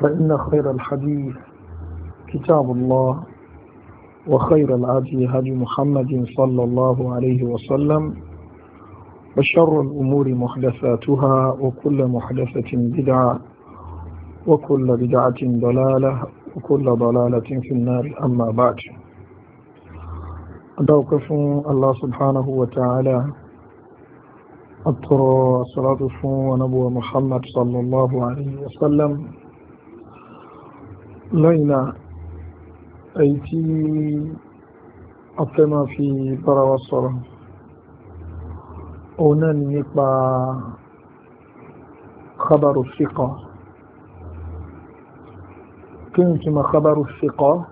فإن خير الحديث كتاب الله وخير العدي هدي محمد صلى الله عليه وسلم وشر الأمور محدثاتها وكل محدثة بدعة وكل بدعة ضلالة وكل ضلالة في النار أما بعد أدوكف الله سبحانه وتعالى أطر صلاة ونبو محمد صلى الله عليه وسلم لينا أي في في برا وصرا هنا نقبع خبر الثقة كنت ما خبر الثقة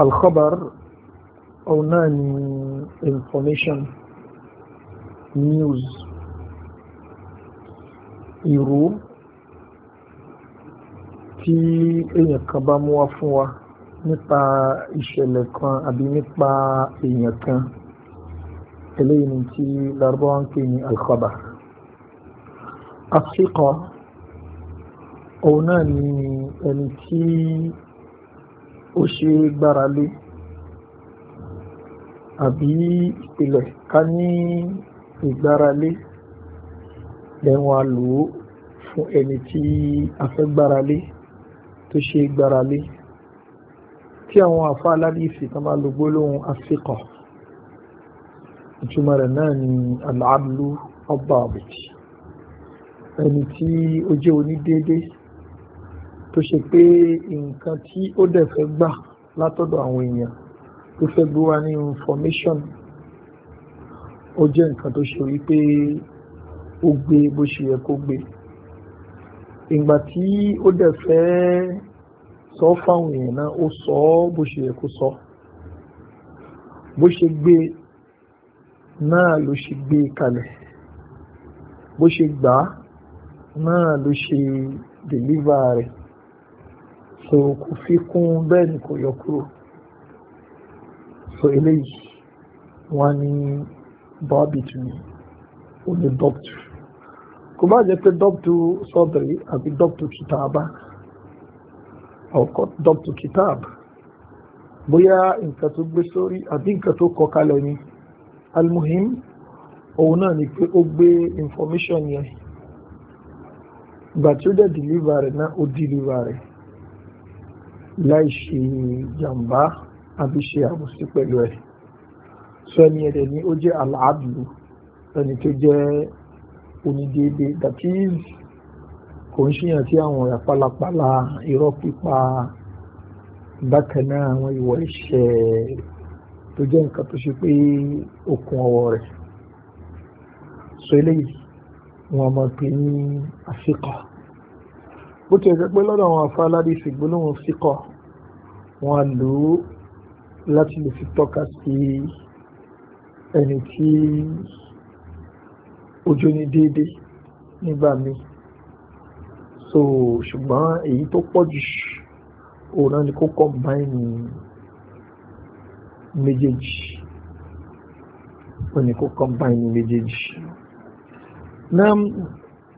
الخبر أو ناني information news يروم tí èèyàn kan bá mú wá fún wa nípa ìṣẹ̀lẹ̀ kan àbí nípa èèyàn kan eléyìí ni tí Lárúbáwá ń pè ní al-khabar àfikọ́ òun náà ni ẹni tí ó ṣe gbára lé àbí ìpìlẹ̀ ká ní ìgbára lé lẹ́wọ̀n a lò ó fún ẹni tí a fẹ́ gbára lé tó ṣe gbára lé tí àwọn àfa aládìsí tó máa lo gbólóhùn afikọ̀ ìtumọ̀ rẹ̀ náà ni aláàlú ọba àbùtì ẹni tí ó jẹ́ onídéédé tó ṣe pé nǹkan tí ó dẹ̀ fẹ́ gbà látọ̀dọ̀ àwọn èèyàn tó fẹ́ gbé wa ní information ó jẹ́ nǹkan tó ṣe wípé ó gbé bó ṣe yẹ kó gbé ìgbà tí ó dẹ̀ fẹ́ sọ fáwọn èèyàn náà ó sọ ọ́ bó ṣe yẹ kó sọ bó ṣe gbé náà ló ṣe gbé kalẹ̀ bó ṣe gbà á náà ló ṣe dèlívà rẹ̀ so kò fi kún bẹ́ẹ̀ ni kò yọ kúrò so eléyìí wọ́n ní bábìtì ni ó ní dọ́kítù kò má jẹ́ pé dọ́pù sọ́dọ̀rì àbí dọ́pù kìtàbà ọkọ̀ dọ́pù kìtàbà bóyá nǹkan tó gbé sórí àbí nǹkan tó kọ kalẹ̀ ni almuhim òun náà ni pé ó gbé information yẹn ìgbà tí ó dẹ̀ deliver rẹ̀ náà ó deliver rẹ̀ láì ṣe jàǹbá àbí ṣe àbòsí pẹ̀lú ẹ̀ sọ ẹni ẹ̀dẹ̀ ni ó jẹ́ aláàbù ẹni tó jẹ́ òní déédéé that is kò ń ṣèyàn tí àwọn ọ̀rẹ́ pálapàla irọ́ pípa bákan náà àwọn ìwà ẹ̀ṣẹ̀ tó jẹ́ nǹkan tó ṣe pé okùn ọwọ́ rẹ̀ so eléyìí wọn máa pè ní àfikọ́ bó ti ẹ̀jẹ̀ pé lọ́dọ̀ àwọn afáàládì ìṣègbólóhùn síkọ̀ wọn lò ó láti lè fi tọ́ka sí ẹni tí bójú ní déédéé nígbà míì so ṣùgbọ́n èyí tó pọ̀ jù òun náà ni kó kọ̀m̀báìnì méjèèjì òun ni kó kọ̀m̀báìnì méjèèjì náà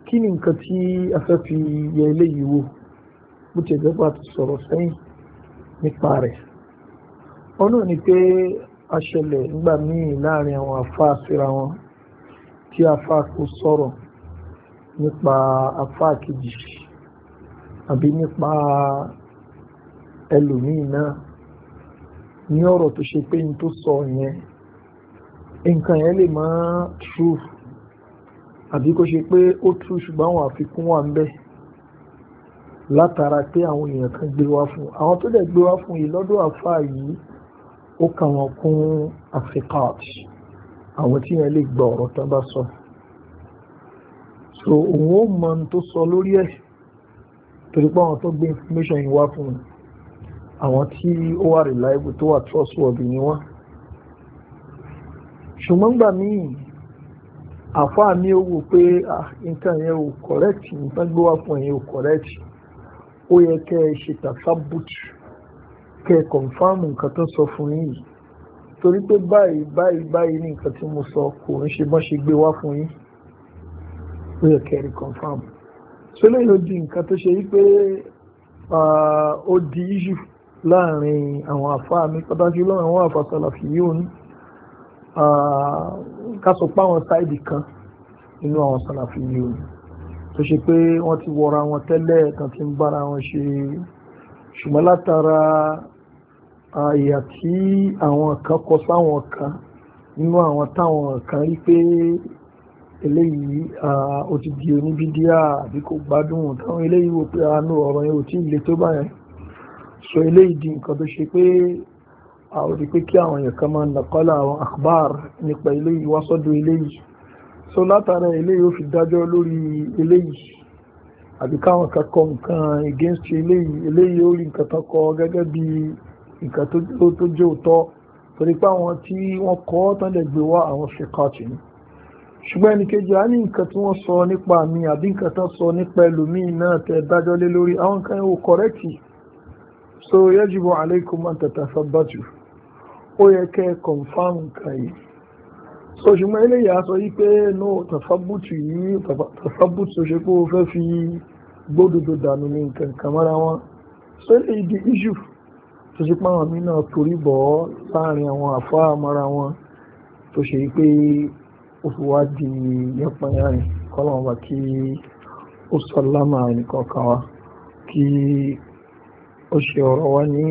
kí ni nǹkan tí a fẹ́ fi yẹ eléyìí wò bó ti ẹ̀jẹ̀ bá ti sọ̀rọ̀ sẹ́yìn nípa rẹ̀ ọ̀nà ni pé a ṣẹlẹ̀ nígbà míì láàrin àwọn àfáà síra wọn kí afá kó sọ̀rọ̀ nípa afá kejì àbí nípa ẹlòmíì náà ní ọ̀rọ̀ tó ṣe pé ní tó sọ yẹn nǹkan yẹn lè máa tru àbí kó ṣe pé ó tru ṣùgbọ́n àwọn àfikún wà ń bẹ látara pé àwọn èèyàn kan gbé wá fún àwọn tó dẹ̀ gbé wá fún yìí lọ́dọ̀ àfáà yìí ó kà wọ́n kún àfikàtì àwọn tí yẹn lè gba ọ̀rọ̀ tán bá sọ so òun ó mọ ohun tó sọ lórí ẹ̀ torí pé àwọn tó gbé information yìí wá fún un àwọn tí ó wà reliable tó wà trustworthy ni wọ́n ṣùgbọ́n gbà míì àfáà mi ó wò pé nǹkan yẹn ò correct nǹkan gbé wá fún yẹn ò correct ó yẹ kẹ́ ẹ ṣe tàfábùtù kẹ́ ẹ confam nǹkan tó sọ fún yìí torí pé báyìí báyìí báyìí ní nǹkan tí mo sọ kò ń ṣe bọ́n ṣe gbé wá fún yín ó yẹ kẹrin confam so lẹ́yìn ó di nǹkan tó ṣe wípé ó di iṣu láàrin àwọn àfa mi pàtàkì lọ́wọ́ àwọn àfa sàlàfì yìí ó ní ká sáìdì kan nínú àwọn sàlàfì yìí ó ní tó ṣe pé wọ́n ti wọra wọn tẹ́lẹ̀ kan ti ń bára wọn ṣe ṣùgbọ́n látara àyà tí àwọn kan kọ sáwọn kan nínú àwọn táwọn kan rí pé eléyìí ó ti di oníbídíà àbí kò gbádùn táwọn eléyìí wò pé àánú ọ̀rọ̀ yẹn ò tí ì le tó báyẹn so eléyìí di nǹkan tó ṣe pé àwọn rí pé kí àwọn èèyàn kan máa nàkọ́lá àwọn akhbar nípa eléyìí wá sọ́dọ̀ eléyìí so látara eléyìí ó fi dájọ́ lórí eléyìí àbí káwọn kan kọ nǹkan against eléyìí eléyìí ó rí nǹkan tán kọ gẹ́gẹ́ bíi nǹkan tó jẹ́ òótọ́ torí pé àwọn tí wọ́n kọ́ tán lè gbé wá àwọn ṣèkọ́ọ̀tì ni ṣùgbọ́n ẹnì kejì á ní nǹkan tí wọ́n sọ nípa mi àbí nǹkan tán sọ nípa ẹlòmíì náà tẹ dájọ́ lé lórí àwọn nǹkan yẹn ò kọ̀rẹ́tì so yajibu alaykum an tatasabbatu ó yẹ kẹ́ kọ̀nfàmù nǹkan yìí so ṣùgbọ́n eléyìí á sọ yí pé no tasabutu yìí tasabutu tó ṣe pé ó fẹ́ fi gbódòdó dànù ní nǹkan kàmára wọn so eléyìí di issue tó ṣe pé àwọn míì náà torí bọ̀ ọ́ sáàrin àwọn àfa àmọ́ra wọn tó ṣe pé ó fi wá di yánpọnyánrin kọ́lọ́wọ́n bá kí ó sọ lámà ẹnìkọ̀ọ̀kan wa kí ó ṣe ọ̀rọ̀ wa ní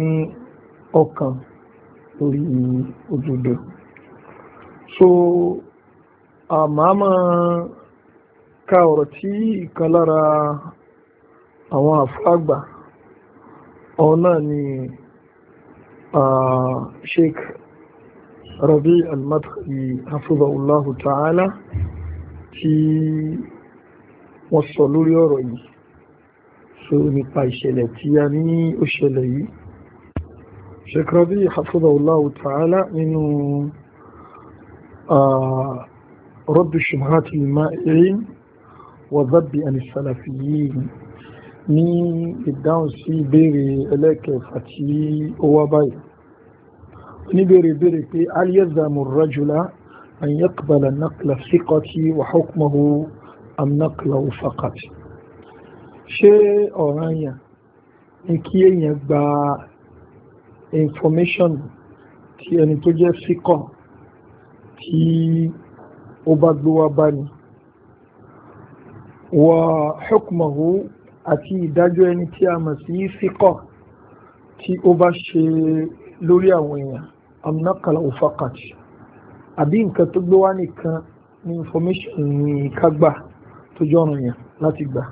ọkàn lórí òdodo. so àmàmà ka ọ̀rọ̀ tí ìkan lára àwọn àfa àgbà ọ̀hún náà ni. آه، شيخ ربيع المدخلي حفظه الله تعالى في وصلوا لي رؤي سوني بايشيلتي يعني أشيلي شيخ ربيع حفظه الله تعالى انه آه، رد الشبهات المائعين وضب عن السلفيين من idahun si ibeere ẹlẹkẹfà فتي ó níbèrè bèrè pé alyazamu rajula an yaqbala naqla thiqati wa hukmuhu am naqla faqat ṣé ọ̀ranyàn ni kí èèyàn gba information tí ẹni tó jẹ́ síkọ̀ tí ó bá gbé wá bá ní wa hukmuhu àti ìdájọ́ ẹni tí a mọ̀ sí síkọ̀ tí ó bá ṣe lórí àwọn èèyàn am naqala ufaqat àbí nǹkan tó gbé wá nìkan ní information ní kágbà tó jọ ọ̀ràn yẹn láti gbà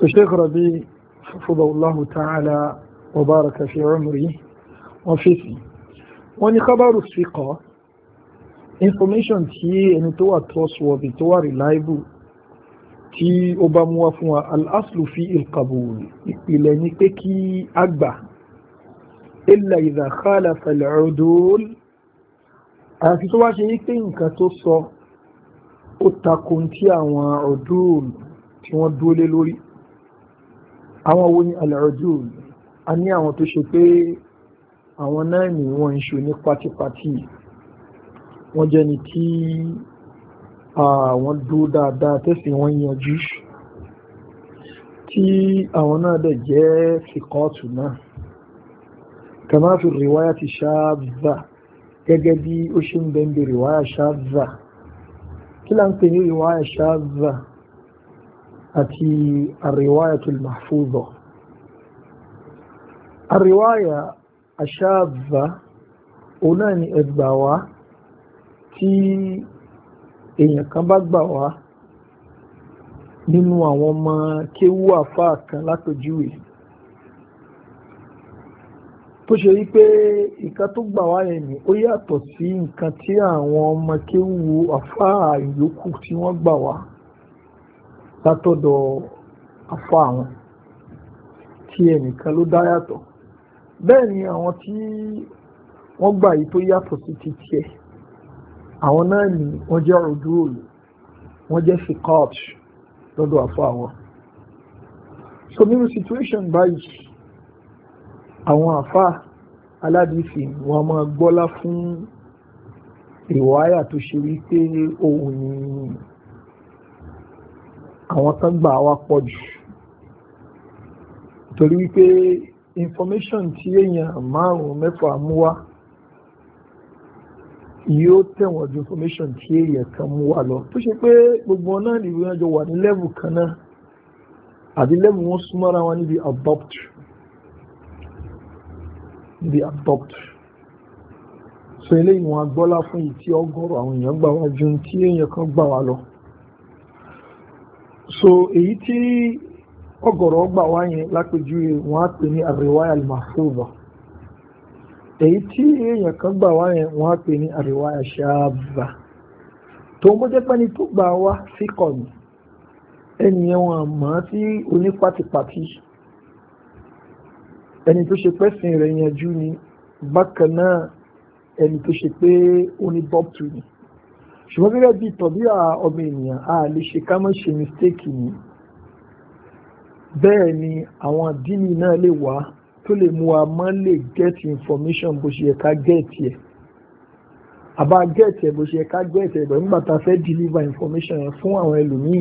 so sheikh rabi fafudallahu ta'ala wa baraka fi umri wọn fèsì wọn ní kábàrù síkọ information tí ẹni tó wà trustworthy tó wà reliable tí ó bá mú wá fún wa al-aslu fi al-qabul ni pé kí a gbà illa idha khalafa al-udul àti tó wá ṣe yí pé nǹkan tó sọ ó takun tí àwọn udul tí wọ́n dúró lé lórí àwọn wo ni al-udul a ní àwọn tó ṣe pé àwọn náà ni wọ́n ń ṣe ní pátípátí wọ́n jẹ́ ni tí àwọn dúró dáadáa tẹ́sí wọ́n yanjú tí àwọn náà dẹ̀ jẹ́ fìkọ́ọ̀tù náà كما في الرواية الشاذة كجدي أشم بين برواية شاذة كل أنتني رواية شاذة أتي الرواية المحفوظة الرواية الشاذة أولاني إذباوا تي èèyàn kan باوة، gbà wá nínú àwọn ọmọ kéwú tó ṣe rí pé nǹkan tó gbà wá yẹn ni ó yàtọ̀ sí nǹkan tí àwọn ọmọ kéwu àfáà ìyókù tí wọ́n gbà wá látọ̀dọ̀ àfáà wọn tí ẹnìkan ló dá yàtọ̀ bẹ́ẹ̀ ni àwọn tí wọ́n gbà yìí tó yàtọ̀ sí ti tiẹ̀ àwọn náà ni wọ́n jẹ́ òdúròlù wọ́n jẹ́ fikọ́ọ̀tù lọ́dọ̀ àfáà wọn so nínú situation báyìí àwọn àfá aládìsí wọn máa gbọ́lá fún ìwáyà tó ṣe wípé òun ni àwọn tán gbà wá pọ̀ jù torí wípé information tí èèyàn márùn-ún mẹ́fà mú wá yóò tẹ̀wọ̀n ju information tí èèyàn kan mú wá lọ tó ṣe pé gbogbo náà nìyí wọn jọ wà ní level kan náà àbí level wọn súnmọ́ra wọn níbi adopt they are stopped so eléyìí wọn agbọ́lá fún yìí tí ọgọ́rọ̀ àwọn èèyàn gbà wá ju tí èèyàn kan gbà wá lọ so èyí tí ọgọ́rọ̀ gbà wá yẹn lápèjúwe wọn á pè ní àríwáyà al-mahfuza èyí tí èèyàn kan gbà wá yẹn wọn á pè ní àríwáyà ṣáàbà tó ń bójẹ́ pẹ́ni tó gbà wá síkọ̀ ní ẹnìyẹn wọn àmọ́ tí onípàtìpàtì ẹni tó ṣe pẹ́sìn rẹ̀ yanjú ni bákan náà ẹni tó ṣe pé ó ní dọ́pítù ni ṣùgbọ́n gẹ́gẹ́ bíi tọ̀bí ọmọ ènìyàn a lè ṣe ká má ṣe mistake ni bẹ́ẹ̀ ni àwọn àdínì náà lè wá tó lè mú wa má lè get information bó ṣe yẹ ká get yẹ àbá get yẹ bó ṣe yẹ ká get yẹ bẹ̀rẹ̀ nígbà tá a fẹ́ deliver information yẹn fún àwọn ẹlòmíì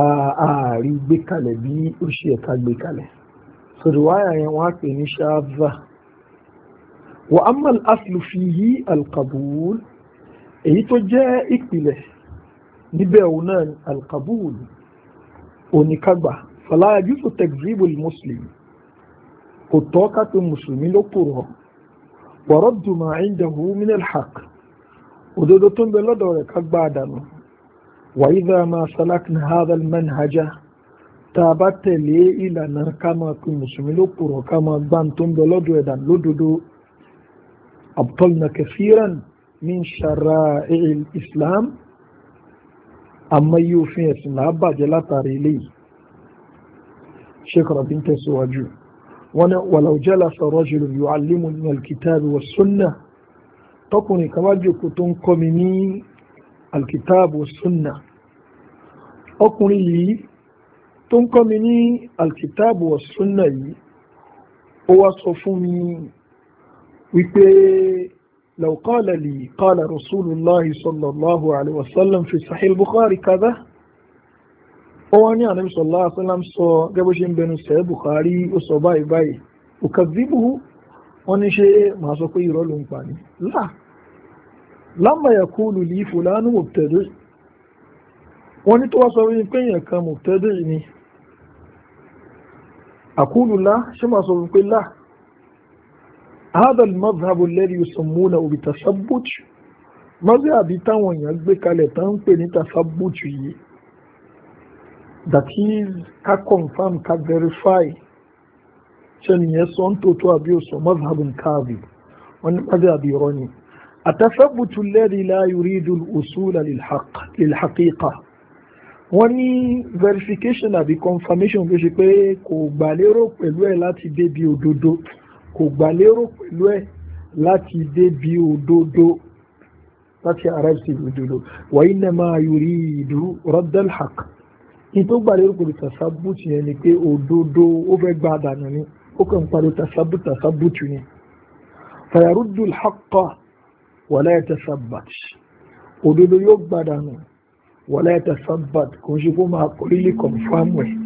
ààrí gbé kalẹ̀ bí ó ṣe yẹ ká gbé kalẹ̀. في رواية يواتي نشافة وأما الأصل فيه القبول أي تجاء إكله نبعونان القبول ونكبة فلا يجوز تكذيب المسلم كتوكة المسلمين لقره ورد ما عنده من الحق ودودتون بلدو يكبادن وإذا ما سلكنا هذا المنهج tá a bá tẹ̀lé ìlànà ká máa pe mùsùlùmí ló purọ́ ká máa gbá tó ń bẹ lọ́dọ̀ ẹ̀dá lódodo abtolna kafiran min sharaa'il islam àmọ́ yóò fi ẹ̀sìn là á bàjẹ́ látàrí eléyìí sheikh rabin tẹ̀síwájú wọn ni walau jalasa rajulun yu'allimuni al-kitabi wa sunnah tọkùnrin kan wá jòkó tó ń kọ́ mi ní al-kitabi wa ọkùnrin yìí tó ń kọ́ mi ní alkitabu wa sunna yìí ó wá sọ fún mi wípé law qala li qala rasulullahi sallallahu alaihi wasallam fi sahih bukhari kaza ó wá ní ànábì sallallahu alaihi wasallam sọ gẹ́gẹ́ ṣe ń bẹnu sahih bukhari ó sọ báyìí báyìí ukazibuhu wọ́n ní ṣe màá sọ pé irọ́ ń pa ni láà lámà yakulu li fulanu mubtadi' wọ́n ní tó wá sọ wípé èèyàn kan mubtadi' ni أقول الله شما صدق الله هذا المذهب الذي يسمونه بالتثبت مذهب تاون يجبك لتان بني تثبت that is ka confirm ka verify shan ya son toto abiyo so mazhabin kazi wani mazhabi ironi التثبت الذي لا يريد الأصول للحق للحقيقة wọ́n ní verification àbí confirmation tó ṣe pé kò gbà lérò pẹ̀lú ẹ̀ láti débi òdodo kò gbà lérò pẹ̀lú ẹ̀ láti débi òdodo láti ara ìsìn òdodo wa innama yuridu raddal haq ní tó gbà lérò pẹ̀lú tàṣàbùtù yẹn ni pé òdodo ó fẹ́ gba àdànù ni ó kàn pariwo tàṣàbùtù tàṣàbùtù ni fayaruddul haqqa wala yatasabbat òdodo yóò gba àdànù ولا يتثبت كوجب ما قل لكم فهمه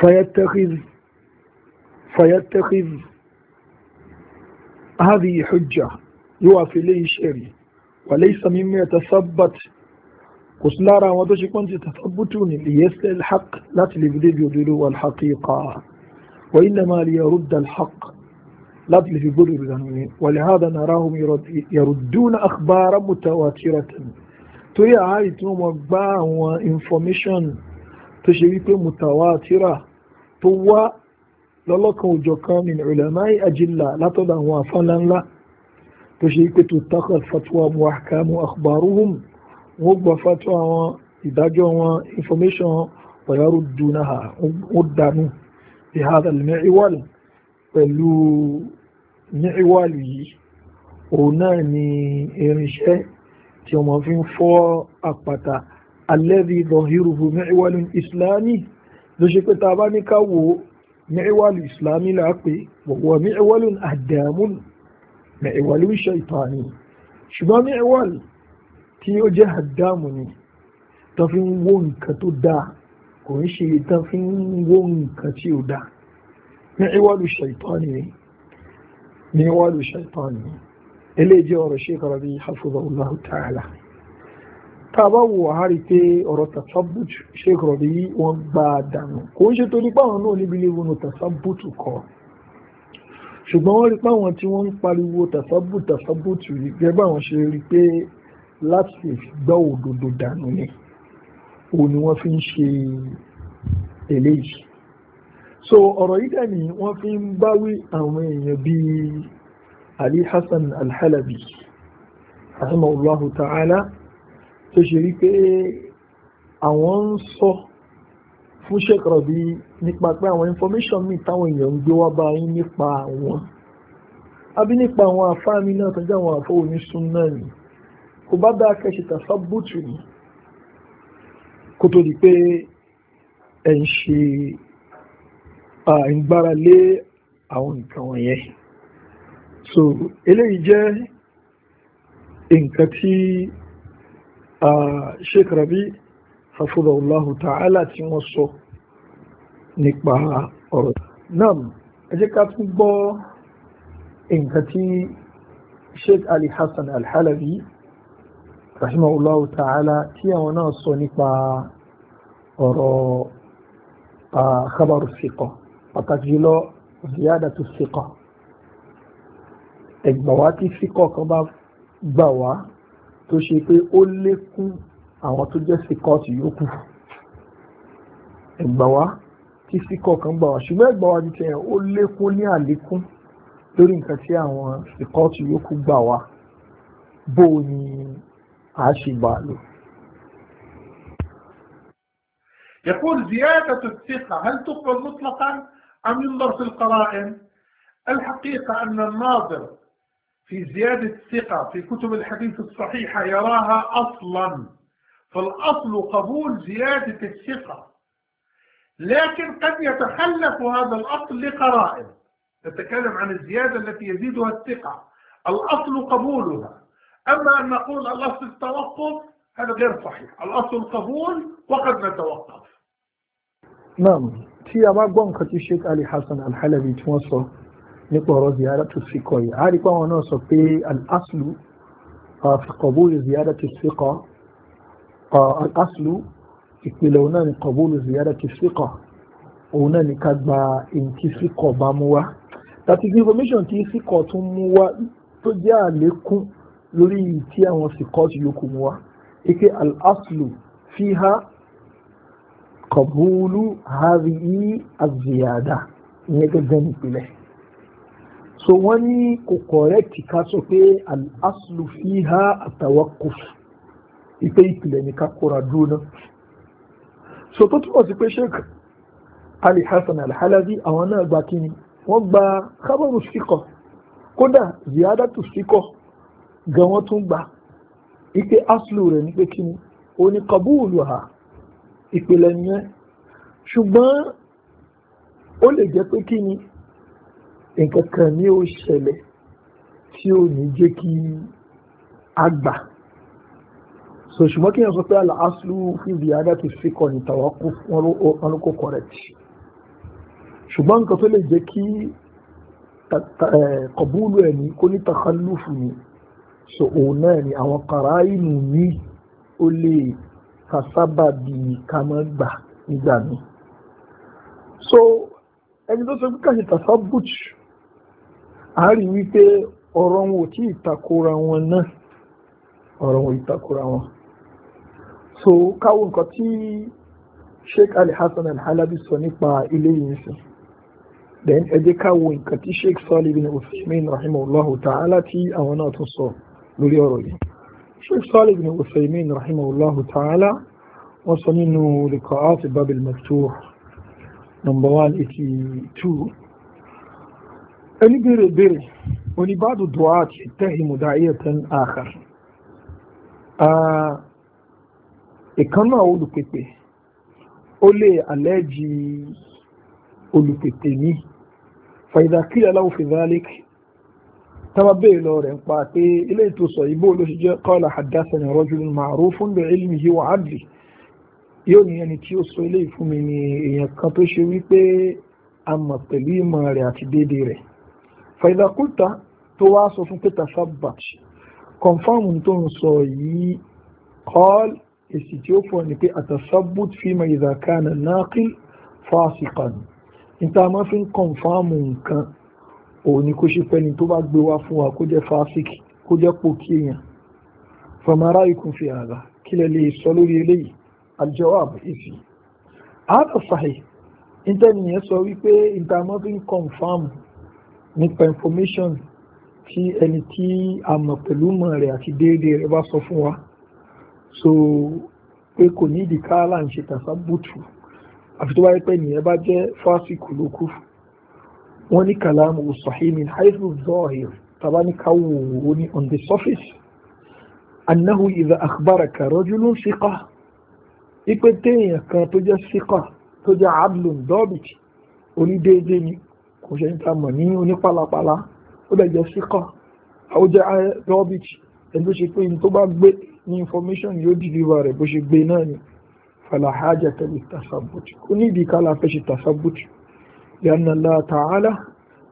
فيتخذ فيتخذ هذه حجة يوافي لي شيري وليس مما يتثبت كسلارا ودوش كنت تثبتوني ليسل الحق لا تلفذيب يدلو والحقيقة وإنما ليرد الحق لا تلفذيب يدلو ولهذا نراهم يردون أخبارا متواترة torí àárì tí wọ́n mọ̀ gbá àwọn information tó ṣe wípé mutawatira tó wá lọ́lọ́kan òjọ̀ kan min ulama'i ajilla látọ̀dọ̀ àwọn afánláńlá tó ṣe wípé tó takọ̀ fatuwa mu ahkamu akhbaruhum wọ́n gba fatwa àwọn ìdájọ́ wọn information pẹ̀lú dunaha wọ́n dànù bi hadha al-mi'wal pẹ̀lú mi'wal yìí òun náà ni irinṣẹ́ tí ọmọ fi ń fọ́ àpàtà alẹ́bí lọ́hírùhù mẹ́wàlú ìsìláàmì ló ṣe pé ta bá ní ká wo mẹ́wàlú ìsìláàmì là á pè wọ̀wọ̀ mẹ́wàlú àdàmú mẹ́wàlú ṣàìtàní ṣùgbọ́n mẹ́wàlú tí ó jẹ́ àdàmú ni tó fi ń wó nǹkan tó dáa kò ń ṣe tó fi ń wó nǹkan tí ó dáa mẹ́wàlú ṣàìtàní ni mẹ́wàlú ṣàìtàní ni eléyìí jẹ́ ọ̀rọ̀ Sheikh Rabi hafizahullahu ta'ala tá a bá wò á rí i pé ọ̀rọ̀ tasabut Sheikh Rabi wọ́n gbá a dànù kò ń ṣe torí páwọn náà níbi ilé ìwònú tasabut kọ́ ṣùgbọ́n wọ́n rí páwọn tí wọ́n ń pariwo tasabut tasabut yìí gẹ́gẹ́ báwọn ṣe rí pé láti gbọ́ òdodo dànù ni òun ni wọ́n fi ń ṣe eléyìí so ọ̀rọ̀ yìí dẹ̀ ni wọ́n fi ń báwí àwọn èèyàn bíi Ali Hassan Al-Halabi rahimahullahu ta'ala tó ṣe rí pé àwọn ń sọ fún Sheikh Rabi nípa pé àwọn information míì táwọn èèyàn ń gbé wá bá yín nípa àwọn àbí nípa àwọn àfáàmì náà tó jẹ́ àwọn àfọ oníṣun náà ni kò bá dáa kẹ́ṣe tàṣàbùtù ni kó tó di pé ẹ̀ ń ṣe à lé àwọn nǹkan wọ̀nyẹn so eléyìí jẹ́ nǹkan tí sheikh rabi hafidhahullahu ta'ala tí wọ́n sọ nípa ọ̀rọ̀ náà ẹ jẹ́ ká tún gbọ́ nǹkan tí sheikh ali hasan alhalabi rahimahullahu ta'ala tí àwọn náà sọ nípa ọ̀rọ̀ khabaru siqa pàtàkì jùlọ ziyadatu siqa. ẹ̀gbà wá tí síkọ̀ọ̀kan bá gbà wá tó ṣe pé ó lékún àwọn tó jẹ́ síkọ̀ọ̀tì yòókù ẹ̀gbà wá tí síkọ̀ọ̀kan gbà wá ṣùgbọ́n ẹ̀gbà wá ti tẹ̀ ó lékún ní àlékún lórí nǹkan tí àwọn síkọ̀ọ̀tì yòókù gbà wá bó ni a ṣe gbà lò. يقول زيادة الثقة هل تقبل مطلقا أم ينظر في القرائن؟ الحقيقة أن الناظر في زيادة ثقة في كتب الحديث الصحيحة يراها أصلا فالأصل قبول زيادة الثقة لكن قد يتخلف هذا الأصل لقرائن نتكلم عن الزيادة التي يزيدها الثقة الأصل قبولها أما أن نقول الأصل التوقف هذا غير صحيح الأصل القبول وقد نتوقف نعم في a قوانك تشيك علي حسن الحلبي ali nípa ọ̀rọ̀ ziyadatu siqa yìí a rí pàwọn náà sọ pé al-aslu fi qabulu ziyadatu siqa al-aslu ìpìlẹ̀ òun náà ni qabulu ziyadatu siqa òun náà ni ká gba ìǹtí siqa bá mú wá that is information tí siqa tún mú wá tó jẹ́ àlékún lórí tí àwọn siqa ti yòókù mú wá ike al-aslu fiha qabulu hadhihi ziyada ìyẹn gẹ́gẹ́ nípìnlẹ̀ so wọ́n ní kò kọ̀rẹ́kì ká sọ pé al-aslu fiha at-tawaqquf ipe ìpìlẹ̀ ní ká kóra dúró náà so tó túmọ̀ sí pé sheikh ali hasan al-halabi àwọn náà gba kíni wọ́n gba kábọ̀rù síkọ̀ kódà ziyadatu síkọ̀ gan wọ́n tún gba ipe aslu rẹ̀ ní pé kíni ó ní qabuluha ìpìlẹ̀ nìyẹn ṣùgbọ́n ó lè jẹ́ pé kíni nǹkan kan ní ó ṣẹlẹ̀ tí ò ní jẹ́ kí a gbà so ṣùgbọ́n kí n sọ pé àlà aṣlú fìdí adá ti fi kọ ní tàwa kú wọn ló kó correct ṣùgbọ́n nǹkan tó lè jẹ́ kí kọ̀búlù ẹ̀ ní kó ní takhallufu ni so òun náà ni àwọn kàráìnù ní ó lè kàsábà bí ká máa gbà nígbà míì so ẹni tó sọ pé kàṣẹ tàṣà bùtù a rí wípé ọ̀rọ̀ wọn ò tí ìtakora wọn náà ọ̀rọ̀ wọn ìtakora wọn so káwọn nǹkan tí sheikh ali hasan al sọ nípa ilé yìí sọ then ẹ jẹ́ káwọn nǹkan tí sheikh salih bin usaimin rahimahullahu ta'ala tí àwọn náà tún sọ lórí ọ̀rọ̀ yìí sheikh salih bin usaimin rahimahullahu ta'ala wọ́n sọ nínú liqa'at bab al-maftuh number one eighty two ẹni béèrè béèrè oníbàdù duwat tẹ́hìmù dáìyẹ̀tẹ̀ àkàr ìkànnà olùpèpè ó lè àlẹ́jì olùpèpè ní fàìdàkìlẹ̀ aláwòfin zalik tama bẹ́ẹ̀ lọ rẹ̀ ń pa pé ilé ìtòsọ̀ ìbò ló ṣe jẹ́ qala haddathana rajulun ma'rufun bi ilmihi wa adli yóò ní ẹni tí ó sọ ilé ìfúnmi ni èèyàn kan tó ṣe wípé a mọ̀ pẹ̀lú ìmọ̀ rẹ̀ àti déédéé rẹ̀ fàìdàkúta tó wá sọ fún pété sábàt kọ̀nfàmù tó ń sọ yìí kọ́l èsì tí ó fọ́ ni pé àtàsábùt fíìmà ìdàkánà náàkìl fásikàn níta máa fi ń kọ̀nfàmù nǹkan òun ni kó ṣe fẹ́ni tó bá gbé wá fún wa kó jẹ́ fásik kó jẹ́ pòkí èèyàn fọmọrá ikùn fi àdá kí lè lè sọ lórí eléyìí aljawab isi àtàsáhì níta nìyẹn sọ wípé níta máa fi ń kọ̀nfàmù nípa information tí ẹni tí a mọ̀ pẹ̀lú mọ̀ rẹ̀ àti déédéé rẹ̀ bá sọ fún wa so pé kò ní ìdíkà là ń ṣe tàfà bùtù àfi tó bá yẹ pé nìyẹn bá jẹ́ fásikù ló kù wọ́n ní kàlámù sahih min haythu tàbá ní ká wò ní on the surface annahu idha akhbaraka rajulun thiqa ipe téèyàn kan tó jẹ́ thiqa tó jẹ́ adlun dọ́bìtì onídéédéé ni kò ṣe ń ta mọ̀ ní onípàlàpàlà ó dẹ̀ jẹ́ síkọ̀ ó jẹ́ rubbish ẹni tó ṣe pé ní tó bá gbé ní information yóò deliver rẹ̀ bó ṣe gbé náà ni fala haja tẹ̀lé tasabuti ó ní ìdí kálá fẹ́ ṣe tasabuti yànnà Allah ta'ala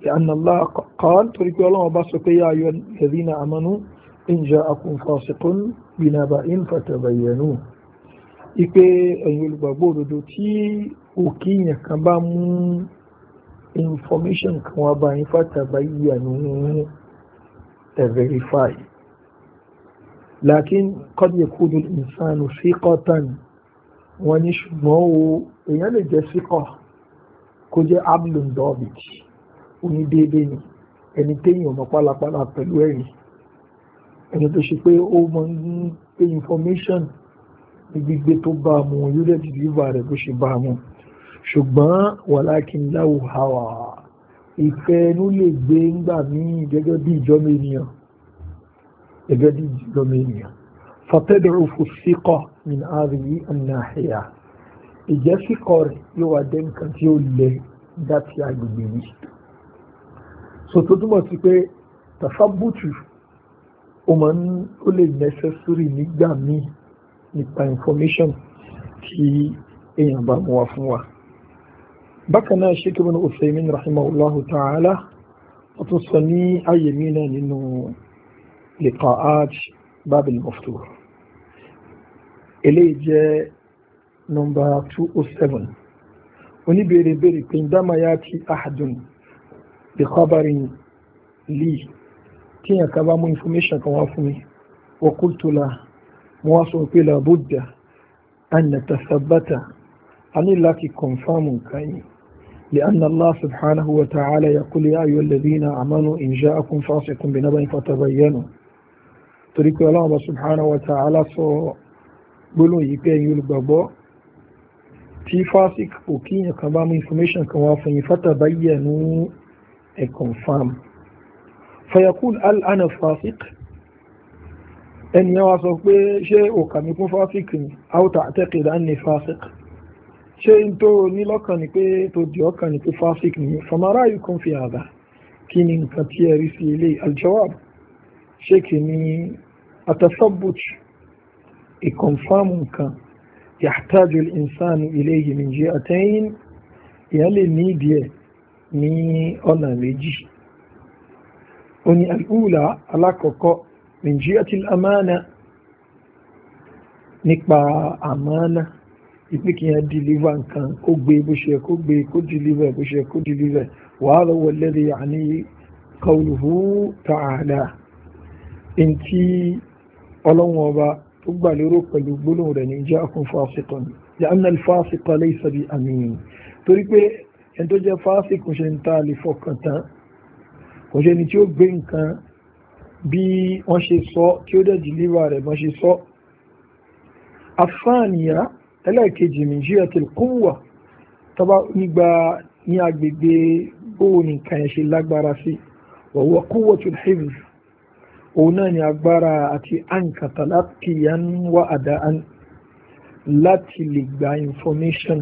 yànnà Allah qala torí pé ọlọ́run bá sọ pé yá ayọ̀ ẹ̀dínà àmọ́nú in ja'akum fasiqun binaba'in fatabayyanu ipe ẹ̀yin olùgbàgbọ́ òdodo tí òkè yẹn kan bá mú information kan ba bá yín fatabayyanu ẹ verify lakin qad yakunu al-insanu siqatan wọ́n ní ṣùgbọ́n o èèyàn lè jẹ́ síkọ̀ kó jẹ́ abdul david oní déédé ni ẹni téèyàn ọmọ pálapàla pẹ̀lú ẹ̀rí ẹni tó ṣe pé ó mọ ní pé information ní gbígbé tó bá a mú yóò dẹ̀ dìbò rẹ̀ bó ṣe bá a ṣùgbọ́n wàlákin láwù hàwà ìfẹ́ inú lè gbé ńgbà ní gẹ́gẹ́ bí ìjọmọ ènìyàn gẹ́gẹ́ bí ìjọmọ ènìyàn fatẹ́dọ̀rọ̀ fòsíkọ̀ min àríyí ànáhìyà ìjẹ́ síkọ̀ rẹ̀ yóò wá dé nǹkan tí ó lẹ láti agbègbè yìí so tó túmọ̀ sí pé tàfábùtù ó máa ń ó lè necessary nígbà míì nípa information tí èèyàn bá mú wa fún wa bákan náà Sheikh Ibn Uthaymin rahimahullahu ta'ala wọ́n tún sọ ní ààyè mìíràn nínú liqa'at bab al-maftuh eléyìí jẹ́ nọ́mbà 207 oníbèrè bèrè pé dáma yá ti ahadun bí khabarin lì tí yàn ká bá mú information kan wá fún mi wa qultu la mo wá sọ pé la budda an natasabbata a ní láti confirm nǹkan yìí لأن الله سبحانه وتعالى يقول يا أيها الذين آمنوا إن جاءكم فاسق بنبأ فتبينوا تريك الله سبحانه وتعالى سو بلو يبين يلقبو تي فاسق وكين يكبام information كوافن فتبينوا a confirm فيقول هل أنا فاسق أن يواصل بشيء وكم فاسق أو تعتقد أني فاسق ṣé n tó ní lọ́kàn ni pé tó di ọkàn ni pé fásik ni famara yìí kún fi àdá kí ni nǹkan tí ẹ rí sí ilé aljawab ṣé kì ní atasabut ìkọ̀nfàmù nǹkan yàtàjù ìsánu ilé yìí nìjí àtẹ́yìn ìyá lè ní ìdí ẹ̀ ní ọ̀nà méjì ó ní al'ula alákọ̀ọ́kọ́ nìjí àti amánà nípa amánà ìpín kí yẹn deliver nǹkan kó gbé bó ṣe kó gbé kó deliver bó ṣe kó deliver wàhálà wọlé rẹ̀ àní qawluhu ta'ala ntí ọlọ́run ọba tó gbà lérò pẹ̀lú gbólóhùn rẹ̀ ní ja'akum fasiqun ya'anna al-fasiqa laysa bi amin torí pé ẹni tó jẹ́ fásitì ṣe ń ta lè fọkàn tán kò ṣe ni tí ó gbé nǹkan bí wọ́n ṣe sọ tí ó dẹ̀ deliver rẹ̀ wọ́n ṣe sọ afáàníyà ẹlẹ́ẹ̀kejì nìjíríà ti kún wà tọ́ba nígbà ní agbègbè bóun nìkan ẹ̀ ṣe lágbára sí wọ̀wọ́ kúwọ́ tó hìbì òun náà ni agbára àti àǹkàtà láti yàn wá àdá láti lè gba information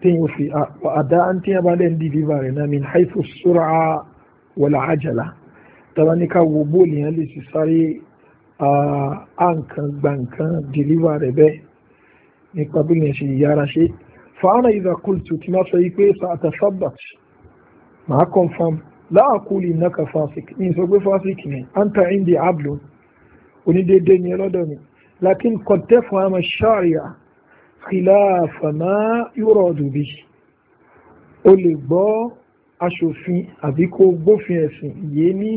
téèyàn fi àdá téèyàn bá lẹ́nu dìdíbà rẹ̀ náà min haifu sura wala ajala tọ́ba ní ká wo bóòlù yẹn lè sì sáré àǹkàn gbàǹkan dìdíbà rẹ̀ bẹ́ẹ̀ nípa bí yẹn ṣe yára ṣe fàánà ìdá kùlùtù tí máa sọ yìí pé sàtàfàbàt màá confam láàkúlì náka fásik ní sọ pé fásik ni anta indi ablu onídéédé ni ọlọ́dọ̀ mi lakin kọ̀tẹ́fù àmà ṣáàríà kìláàfàmà yúrọ̀ ọ̀dùbí o lè gbọ́ aṣòfin àbí kó gbófin ẹ̀sìn yìí ní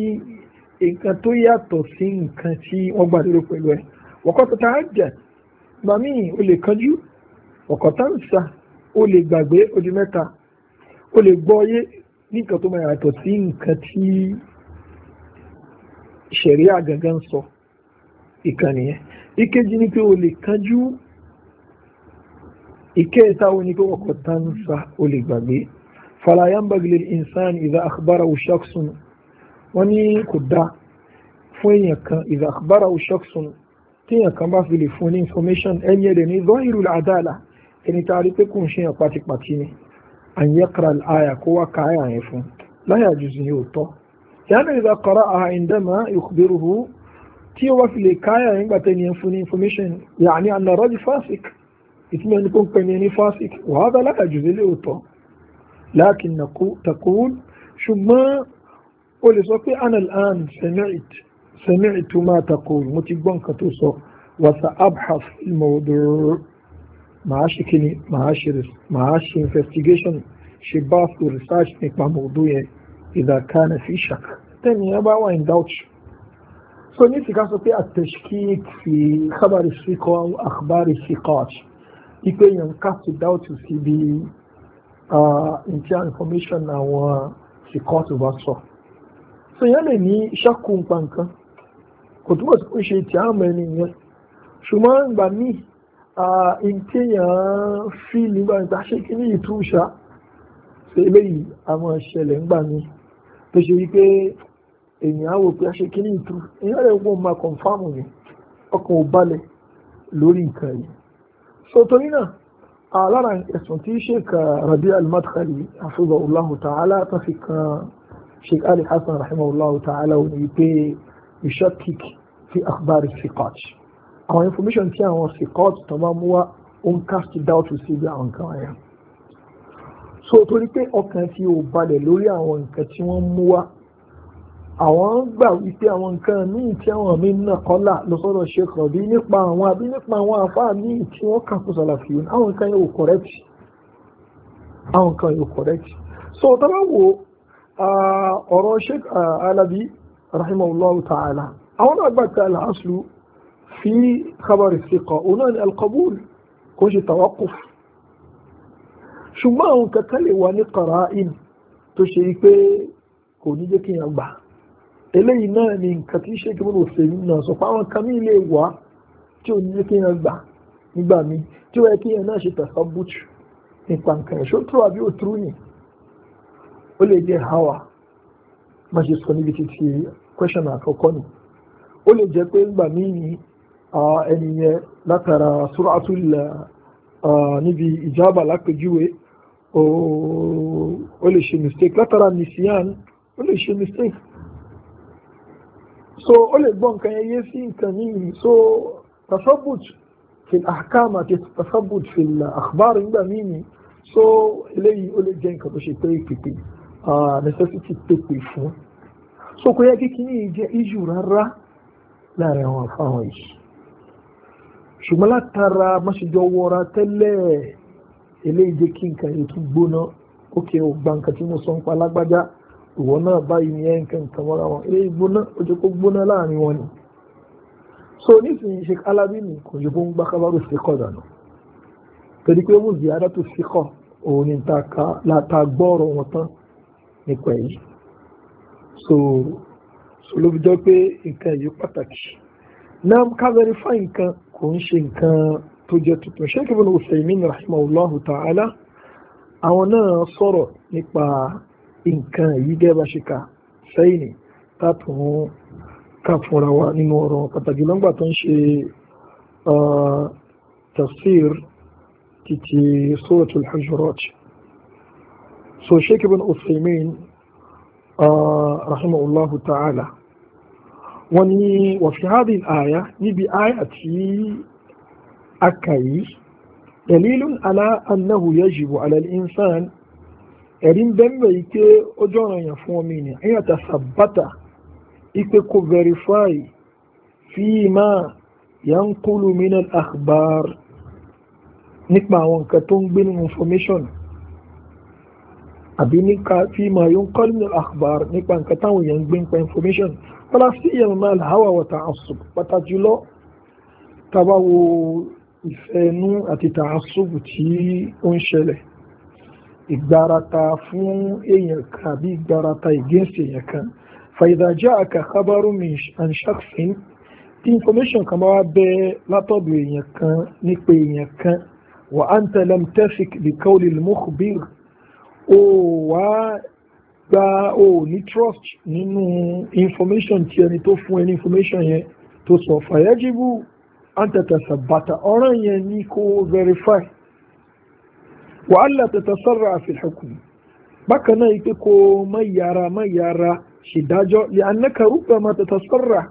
nǹkan tó yàtọ̀ sí nǹkan tí wọ́n gbàdúrà pẹ̀lú ẹ̀ wọ́kọ́ tó ta á jẹ́ gbà míì o lè kanjú ọ̀kọ̀tà ń sa o lè gbàgbé odi mẹ́ta o lè gbọ́ ọyé ní nǹkan tó máa yàtọ̀ sí nǹkan tí ṣẹ̀ríà gangan sọ ìkànnì yẹn ìkejì ni pé o lè kanjú ìkẹta o ní pé ọ̀kọ̀tà ń o lè gbàgbé falayambagile insan ìdá àkùbára òṣàkùsùn wọn ní kò dáa fún èèyàn kan ìdá àkùbára òṣàkùsùn téèyàn kan bá fi lè fún ní information ẹni ẹ̀rẹ̀ ní zọ́hìrù àdáàlà ẹni tá a rí pé kò ń ṣe yàn pátipàti ni àyẹ̀ kara àyà kó wá ka àyà yẹn fún láyà jùzù ni ò tọ́ ìyáná ìgbà kọ́ra àhà ìndẹ́mà ìkùbẹ̀rùhù tí ó wá fi lè ka àyà yẹn gbà tẹ́ni yẹn fún ní information yàní ànàrọ́ di fásik ìtumọ̀ ẹni kó ń pẹ̀lú ẹni fásik wàá bá láyà jùzù lè ò tọ́ láàkì takùn ṣùgbọ́n o lè sọ pé anal an sẹ́mẹ́rìtì sami'tu ma taqul mo ti gbọ́ nǹkan tó sọ wa sa'abhath al-mawdu' màá ṣe kíni màá ṣe investigation ṣe bath to research nípa mawdu' yẹn idha kana fi shak tẹ́ni ẹ bá wà in doubt so ní sìkà sọ pé at-tashkik fi khabari siqa aw akhbari siqat ipe yẹn ká ti doubt sí bí nǹkan information àwọn siqat bá sọ so yẹn lè ní ṣàkóńpa nǹkan kò túbọ̀ sí pé ṣe ti àmọ́ ẹni yẹn ṣùgbọ́n ìgbà míì ìkéyàn fi nígbà níta ṣé kí ní ìtúnṣà ṣe eléyìí àwọn ìṣẹ̀lẹ̀ ń gbà mí tó ṣe wípé èèyàn á wò pé ṣé kí ní ìtú èèyàn rẹ̀ wọ́n máa kọ̀nfàmù ni ọkàn ò balẹ̀ lórí nǹkan yìí so torí náà alára ẹ̀sùn tí sheik rabi al-madkhali hafizahullahu ta'ala tó fi kan sheik ali hasan rahimahullahu ta'ala ò ní pé يشكك في أخبار الثقات àwọn information tí àwọn sikọt tó máa mú wá ó ń cast doubt sí bí àwọn nǹkan wọ̀nyẹn so torí pé ọkàn tí ò balẹ̀ lórí àwọn nǹkan tí wọ́n mú wá àwọn gbà wípé àwọn nǹkan míì tí àwọn míì náà kọ́là lọ sọ́dọ̀ ṣe kàn bí nípa àwọn àbí nípa àwọn àfáà míì tí wọ́n kà fún sàlàfíìn àwọn nǹkan yóò correct àwọn nǹkan yóò correct so tó wo ah, ọ̀rọ̀ sheik ah, alabi rahimahullahu ta'ala àwọn náà gbà pé al-aslu fi khabari thiqa òun náà ni al-qabul kò ṣe tawakuf ṣùgbọ́n àwọn kankan lè wà ní qara'in tó ṣe pé kò ní jẹ́ kí n gbà eléyìí náà ni nǹkan tí ṣé kí mo lò fèmí náà sọ pé àwọn kan ní ilé wà tí ò ní jẹ́ kí n gbà nígbà mi tí ó yẹ kí n náà ṣe tẹ̀sán bùtù nípa nǹkan ẹ̀ ṣó tó àbí òtúrú ni ó lè jẹ́ hawa má ṣe sọ níbi títí question àkọ́kọ́ ni ó lè jẹ́ pé ńgbà míì ẹni yẹn látara suratul níbi ìjábà lápèjúwe ó lè ṣe mistake látara nìsíyàn ó lè ṣe mistake so ó lè gbọ́ nǹkan yẹn sí nǹkan míì so tasabut في الأحكام تتثبت في الأخبار بأميني so eléyìí ó lè jẹ́ nǹkan tó ṣe pé pípé necessity pípé fún so kò yẹ kí kíní jẹ́ iṣu rárá láàrin àwọn àfáwọn yìí ṣùgbọ́n látara máṣejọ wọra tẹ́lẹ̀ eléyìí jẹ́ kí nǹkan yìí tún gbóná ókè ó gba nǹkan tí mo sọ ń pa lágbájá ìwọ náà báyìí ni ẹ nǹkan nǹkan mọ́ra wọn eléyìí gbóná ó jẹ́ kó gbóná láàrin wọn ni so nísìnyí ṣe alábí mi kò yẹ kó ń gbá kábàrò sí dànù torí pé wọ́n ziyara tó sí òun ni ta gbọ́ ọ̀rọ̀ wọn tán nípa èyí so so ló fi jọ pé nǹkan yìí pàtàkì náà ká verify nǹkan kò ń ṣe nǹkan tó jẹ́ tuntun Sheikh Ibn Uthaymin rahimahullahu ta'ala àwọn náà sọ̀rọ̀ nípa nǹkan yìí gẹ́gẹ́ bá ṣe kà sẹ́yìn ni tààtùn ká fúnra wa nínú ọ̀rọ̀ pàtàkì lọ́ngbà tó ń ṣe tafsir títí Suratul Hujurat so Sheikh Ibn Uthaymin آه، رحمه الله تعالى وني وفي هذه الآية نبي آية أكاي دليل على أنه يجب على الإنسان أن يتثبت إكو فيريفاي فيما ينقل من الأخبار نكما وانكتون بين information àbí ni ka fi máa yún kọ́lùmù akhbar nípa nǹkan táwọn èèyàn ń gbé nípa information bọ́lá sí ìyẹn máa hawa wọ̀tà àṣù pàtàkì jùlọ tábà wo ìfẹ́ inú àti tààṣùbù tí ó ń ṣẹlẹ̀ ìgbárata fún èèyàn kan àbí ìgbárata against èèyàn kan fàyídà jẹ́ àkà kábàrú an shakhsin tí information kan bá wá bẹ́ látọ̀dọ̀ èèyàn kan nípa èèyàn kan wa anta lam tafik bi qawli al-mukhbir o wá gba o ní trust nínú information tí ẹni tó fún ẹni information yẹn tó sọ fàyẹ́jìbù àǹtẹ̀tẹ̀sẹ̀ bàtà ọ̀ràn yẹn ní kó verify wàhálà tẹ̀tẹ̀ sọ̀rọ̀ àfihàn bákan náà ipe kó mayara mayara ṣèdájọ́ lè anaka rúbà máa tẹ̀tẹ̀ sọ̀rọ̀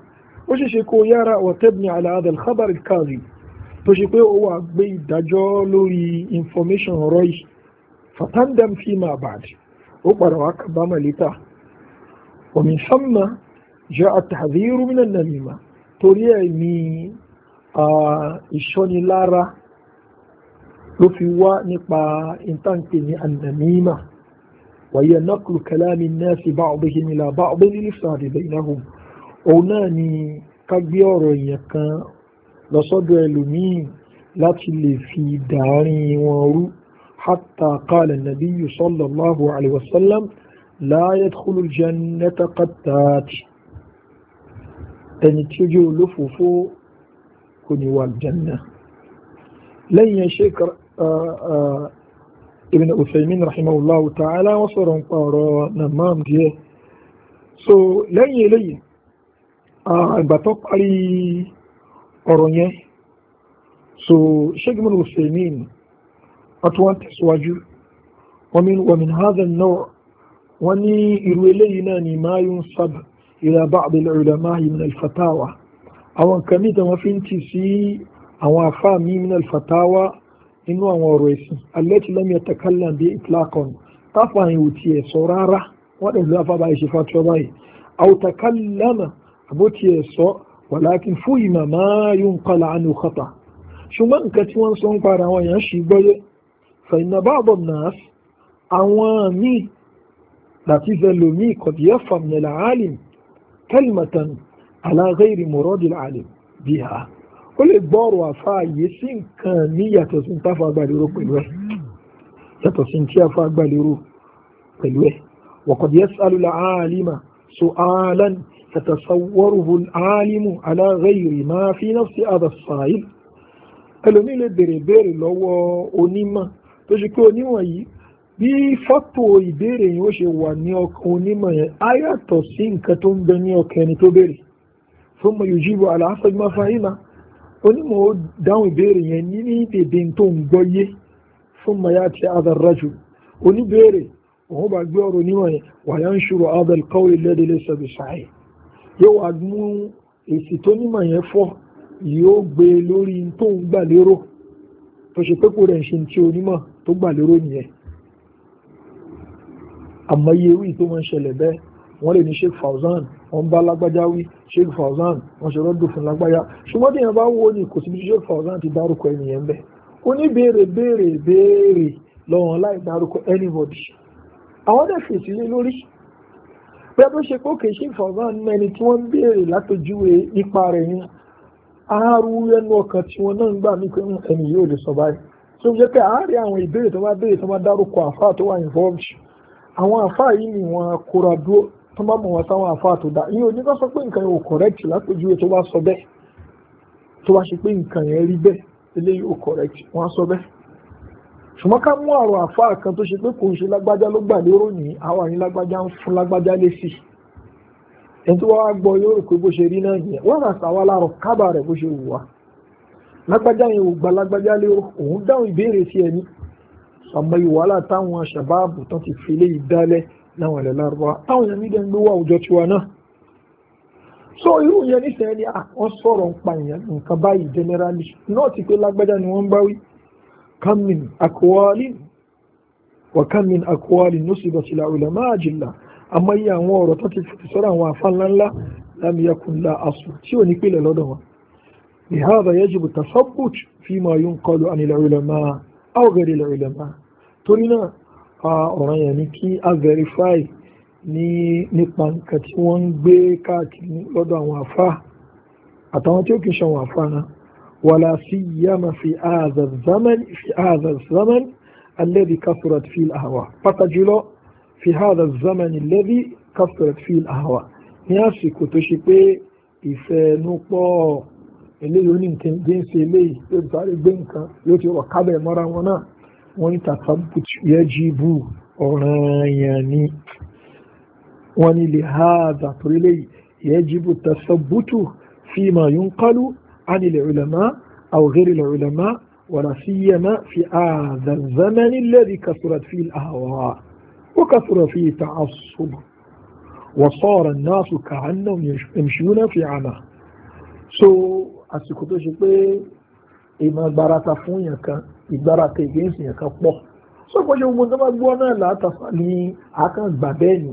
ó ṣeṣe kó yára wàtẹ́bìnrin àlàáda alhabar kazi tó ṣe pé ó wà gbé ìdájọ́ lórí information ọ̀rọ̀ yìí fatandam fi ma ba'd ó padà wá kábàámà létà omi sánmà jẹ́ àtàzírù mí nàá mímà torí ẹ̀ ní ìṣọ́nilára ló fi wá nípa ìtànkì ní ànàmímà wàyẹ nọ́kùlù kẹlẹ́mì náà sì bá ọ̀bẹ yìí nílà bá ọ̀bẹ nílì sàdìbẹ̀ ìnáhùn òun náà ni ká gbé ọ̀rọ̀ èèyàn kan lọ sọ́dọ̀ ẹlòmíì láti lè fi dàárín wọn rú حتى قال النبي صلى الله عليه وسلم لا يدخل الجنة قتات تجو لفوفو كني والجنة لن يشكر ابن أثيمين رحمه الله تعالى وصر قارا نمام ديه سو لن يلي àgbà علي أرنيه سو yẹn so ṣégun wọ́n tẹ̀síwájú wọ́n hadha an-naw' wọ́n ní irú eléyìí náà ni ma yunsab ila ba'd al-ulama min al-fatawa àwọn nǹkan mí tí wọ́n fi ń tì sí àwọn afá mi min al-fatawa inú àwọn ọ̀rọ̀ ẹ̀sìn allati lam yatakallam bi itlaqan táfàáyìn ò tiẹ̀ sọ rárá wọ́n dẹ̀ lọ́ afábá ìṣe fatuwa báyìí aw fẹ̀yìnà báàbọ̀ náà àwọn míì láti zẹlò míì kọ̀dí yẹ fàmìlà alim kẹlìmọ̀tàn aláàgẹ́rì mọ̀rọ́dì alim bí ha ó lè gbọ́rọ̀ àfáàyè sí nǹkan ní yàtọ̀ sí táfà agbálérò pẹ̀lú ẹ̀ yàtọ̀ sí tí àfà agbálérò pẹ̀lú ẹ̀ wọ̀kọ̀dí yẹ sálùlà alima سؤالا يتصوره العالم على غير ما في نفس هذا السائل ẹlòmíì lè béèrè béèrè lọ́wọ́ onímọ̀ tó ṣe pé oníwọ̀n yìí bí fọ́tò ìbéèrè yìí ó ṣe wà ní ọkàn onímọ̀ yẹn á yàtọ̀ sí nǹkan tó ń bẹ ní ọkàn ẹni tó béèrè fún mọ yòjúbọ àlàáfẹ́gbọ́n fáyínà onímọ̀ ó dáhùn ìbéèrè yẹn ní ní dèdè tó ń gbọ́ yé fún mọ yá ti adarajù oníbéèrè òun bá gbé ọ̀rọ̀ onímọ̀ yẹn wà yá ń ṣòro adal kọ́wé lẹ́dẹ̀lẹ́ sọ̀bì sáyé yóò wá mú èsì tó nímọ̀ yẹn fọ́ yóò gbé lórí tó ń gbà lérò tó ṣe pé kò rẹ̀ ṣe ti onímọ̀ tó gbà lérò nìyẹn àmọ́ iye wí tó máa ṣẹlẹ̀ bẹ́ẹ̀ wọ́n lè ní Sheikh Fauzan wọ́n bá lágbájá wí Sheikh Fauzan wọ́n ṣe rọ́dùn fún lágbájá ṣùgbọ́n tí yẹn bá wo ni kò síbi tí Sheikh Fauzan ti dárúkọ ẹnìyẹn bẹ́ẹ̀ oníbèrè béèrè béèrè lọ́wọ́n láì dárúkọ anybody àwọn dẹ̀ fèsì lé lórí pé bó ṣe kókè Sheikh Fauzan mẹ́ni tí wọ́n ń béèrè látọjúwe nípa rẹ̀ yẹn aárú ẹnu ọkàn tí wọ́n tó ń jẹ́ pé àárín àwọn ìbéèrè tó bá béèrè tó bá dárúkọ àfáà tó wà involved àwọn àfáà yìí ni wọn kóra dúró tó bá mọ̀ wọ́n sáwọn àfáà tó dá ìyẹn oníkan sọ pé nǹkan yẹn ò correct lápèjúwe tó bá sọ bẹ́ẹ̀ tó bá ṣe pé nǹkan yẹn rí bẹ́ẹ̀ eléyìí ò correct wọ́n sọ bẹ́ẹ̀ ṣùgbọ́n ká mú kan tó ṣe pé kò ń ṣe lágbájá ló gbà lérò ní àwọn lágbájá ń fún lágbájá ẹni tó wá gbọ́ yóò rò pé bó ṣe rí náà nìyẹn lágbájá yẹn ò gbalagbájá lé òun dáhùn ìbéèrè sí ẹni àmọ́ ìwàhálà táwọn aṣàbáàbò tán ti fi lé ìdálẹ́ láwọn ilẹ̀ lárúbá táwọn èèyàn nídẹ̀ gbé wá àwùjọ tiwa náà so irú yẹn nísìnyẹn ni àwọn sọ̀rọ̀ ń pa èèyàn nǹkan báyìí generally náà ti pé lágbájá ni wọ́n ń báwí kamin akwalin wa kamin akwalin nusibat ila ulama ajilla àmọ́ iye àwọn ọ̀rọ̀ tó ti fi sọ́rọ̀ àwọn àfa ńláńlá lam yakun la asl tí ò ní pìlẹ̀ lọ́dọ̀ wọn لهذا يجب التثبت فيما ينقل عن العلماء أو غير العلماء ترينا ọ̀ràn yẹn ni kí a verify ní nípa nǹkan tí wọ́n ń gbé káàkiri lọ́dọ̀ àwọn àfa àtàwọn tí ó kìí ṣàwọn àfa náà wàlá sí yàmà fi ààzà zaman fi ààzà zaman alẹ́bí kásùrọ̀t fi àhàwà pàtàkì jùlọ fi ààzà zaman alẹ́bí kásùrọ̀t fi àhàwà ní àsìkò tó ṣe pé ìfẹ́ nú pọ̀ eléyìí ó ní nǹkan bí ń ṣe eléyìí ló ti sáré gbé nǹkan ló ti rọ̀ kábẹ̀ mọ́ra wọn náà wọ́n ní tàfàbùt yajibu ọ̀ràn yẹn ni wọ́n ní lè ha àzàtúrí léyìí yajibu tàfàbùtù fima yunqalu عن العلماء أو غير العلماء ولا سيما في هذا الزمن الذي كثرت فيه الأهواء وكثر فيه التعصب وصار الناس كأنهم يمشون في عمى. So àsìkò tó ṣe pé ìmọ̀ gbarata fún yàn kan ìgbarata against yàn kan pọ̀ sọ́kò ṣe gbogbo tó bá gbọ́ náà látàfà ní àákàn gbà bẹ́ẹ̀ ni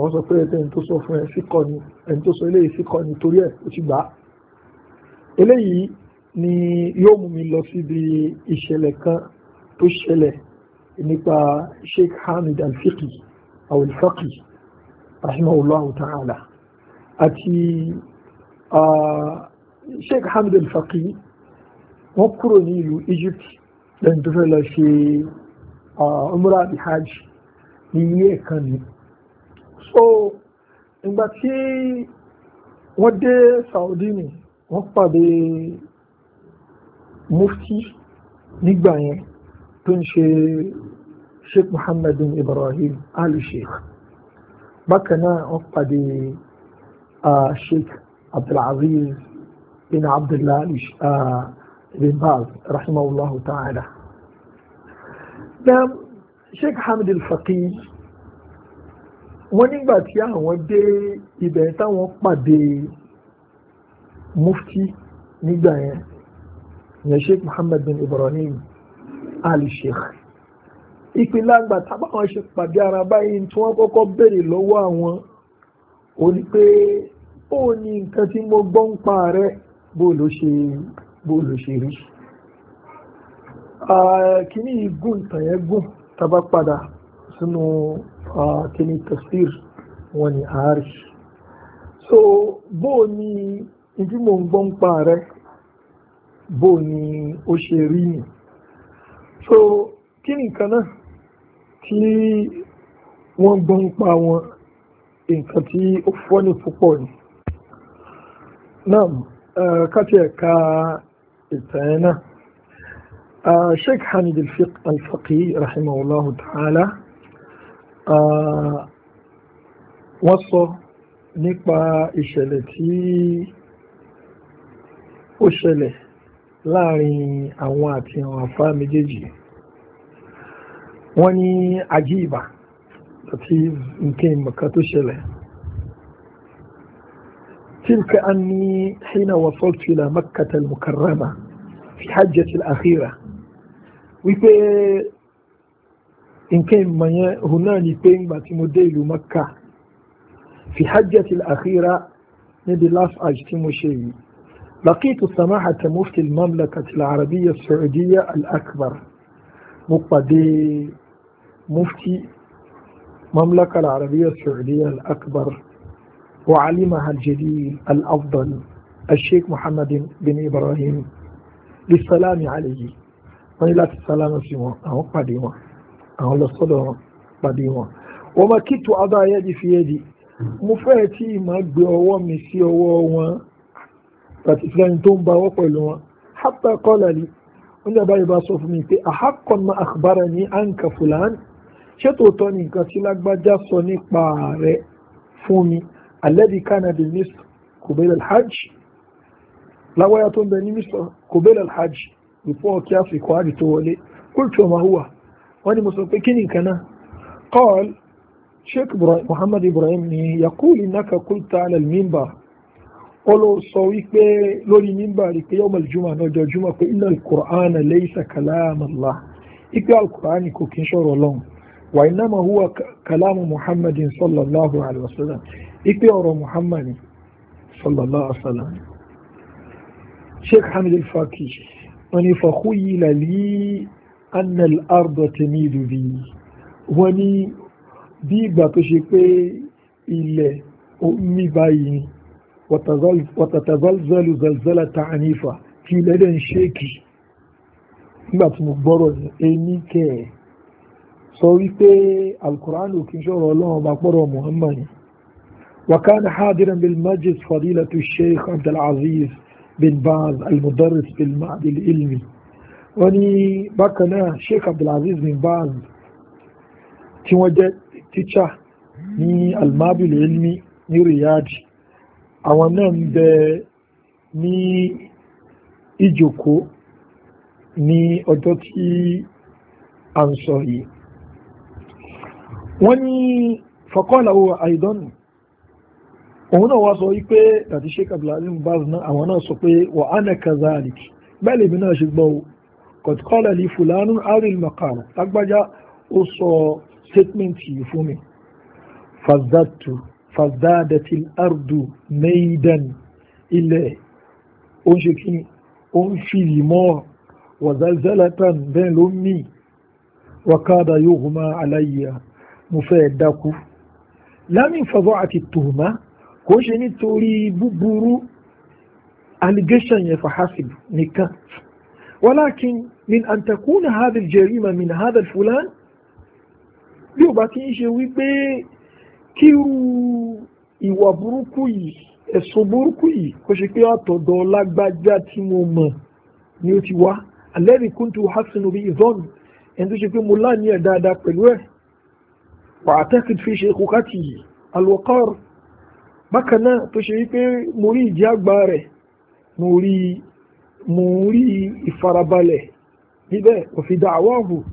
wọ́n sọ pé ẹni tó sọ fún ẹ fíkọ́ ni ẹni tó sọ eléyìí fíkọ́ ni torí ẹ̀ ó ti gbà á eléyìí ni yóò mú mi lọ síbi ìṣẹ̀lẹ̀ kan tó ṣẹlẹ̀ nípa Sheikh Hamid Al-Fiqi awolfaki ta'ala àti sheikh hamid al-faqi wọ́n kúrò ní ìlú egypt lẹ́yìn tó fẹ́ lọ ṣe umra àbí hajj ní ilé ẹ̀kan ni so ìgbà tí wọ́n dé saudi ni wọ́n pàdé mufti nígbà yẹn tó ń ṣe sheikh muhammad bin ibrahim ali sheikh bákan náà wọ́n pàdé sheikh abdulaziz بن عبد الله بن باز رحمه الله تعالى نعم sheikh hamid al-faqih wọ́n nígbà tí àwọn dé ibẹ̀ táwọn pàdé mufti nígbà yẹn yẹn sheikh muhammad bin ibrahim ali sheikh ìpínlẹ̀ àgbà tábàwọn ṣe pàdé ara báyìí tí wọ́n kọ́kọ́ béèrè lọ́wọ́ àwọn ò ní pé ó ní nǹkan tí mo gbọ́ ń pa rẹ̀ bóòlù ṣe bóòlù ṣe rí ah, kíní igun tàyẹ gùn tàbá padà sínú ah, kíní tafsir wọn ni ààrẹ so bóò ni ibi mò ń gbọ́n pa rẹ bóò ni ó ṣe rí ni so kí ni nǹkan náà tí wọ́n gbọ́n pa wọn nǹkan tí ó fọ́ ní púpọ̀ ni náà káti ẹ̀ka ìtàn ẹ̀ náà. Sheikh Hamid al-Faqih rahimahullahu ta'ala wọ́n sọ nípa ìṣẹ̀lẹ̀ tí ó ṣẹlẹ̀ láàrin àwọn àti àwọn àfá méjèèjì wọ́n ní àjíìbà àti nǹkan ìmọ̀ká tó ṣẹlẹ̀ تلك أني حين وصلت إلى مكة المكرمة في حجة الأخيرة ويبي إن كان من هناني بين باتي مكة في حجة الأخيرة ندي لاف أجتم شيء لقيت سماحة مفتي المملكة العربية السعودية الأكبر مقبدي مفتي المملكة العربية السعودية الأكبر وعلمها الجليل الأفضل الشيخ محمد بن إبراهيم للسلام عليه وإلى السلام سوى أو قديمة أو لصدر قديمة وما كنت أضع يدي في يدي مفاتي ما بيوا مسي ووا فتسلم تومبا وقلوا حتى قال لي wanda báyìí bá sọ fún mi pé àhàkàn ma àkbára ní àǹkà fúlàn ṣé alladhi kana bi misr qubila al-hajj láwáyá tó ń bẹ ní misr qubila al-hajj before kí àsìkò àjì tó wọlé qultu ma huwa wọ́n ní mo sọ pé kí ni nǹkan náà qal sheikh muhammad ibrahim ni yaqul innaka qulta ala al-minbar ó ló sọ wípé lórí mímbà rí pé yawm al-jumu'ah náà jọ jùmọ̀ pé inna al-qur'ana laysa kalam Allah ipe al-qur'ani kò kí ń sọ̀rọ̀ lọ́hùn wa innama huwa kalamu muhammadin sallallahu alayhi wa sallam ipe ọ̀rọ̀ Muhammad sallallahu alaihi wasallam sheikh hamid al-faki wọ́n ní fakhuyyila li anna al-arda tamidu bi wọ́n ní bí ìgbà tó ṣe pé ilẹ̀ omi báyìí wàtàtàzọ́lù zalzala ta'anifa tí ilẹ̀ dẹ̀ ń nígbà tí mo gbọ́rọ̀ ẹni kẹ́ sọ wípé al-Qur'an kì ọlọ́run ọba pọ̀rọ̀ Muhammad وكان حاضرا بالمجلس فضيلة الشيخ عبد العزيز بن باز المدرس في المعهد العلمي وني بكنا الشيخ عبد العزيز بن باز توجد تيتشا ني almabi العلمي ني riyadh àwọn ني إيجوكو ني أدوتي ìjòkó وني فقال هو أيضاً òun náà wá sọ wípé àti sheikh abdulazim baz náà àwọn náà sọ pé wà á nà kaza àlìkì bẹ́ẹ̀ lèmi náà ṣe gbọ́ o kọ̀tíkọ́lẹ̀ ní fulani aril makara lágbájá ó sọ statement yìí fún mi fazadtu fazadati ardu meidan ilẹ̀ ó ń ṣe kí ó ń fi ìmọ̀ wàzálzálátàn bẹ́ẹ̀ ló ń mì wàkàdà yóò hùmá aláyà mo fẹ́ dákú lámì fàzọ́ àti tòmá kò ṣe nítorí búburú allegation yẹn fahasib nìkan walakin min an takuna hadha aljarima min hadha alfulan bí o bá ti ń ṣe wípé kíru ìwà burúkú yìí ẹ̀sùn burúkú yìí kò ṣe pé àtọ̀dọ̀ lágbájá tí mo mọ̀ ni ó ti wá alladhi kuntu hasinu bi izon ẹni tó ṣe pé mo láàníyàn dáadáa pẹ̀lú ẹ̀ wà á tẹ́kìtì fi ṣe kókàtì alwaqar bákan náà tó ṣe wípé mo rí ìjẹ́ àgbà rẹ̀ mo rí mo rí ìfarabalẹ̀ níbẹ̀ òfin da'wahu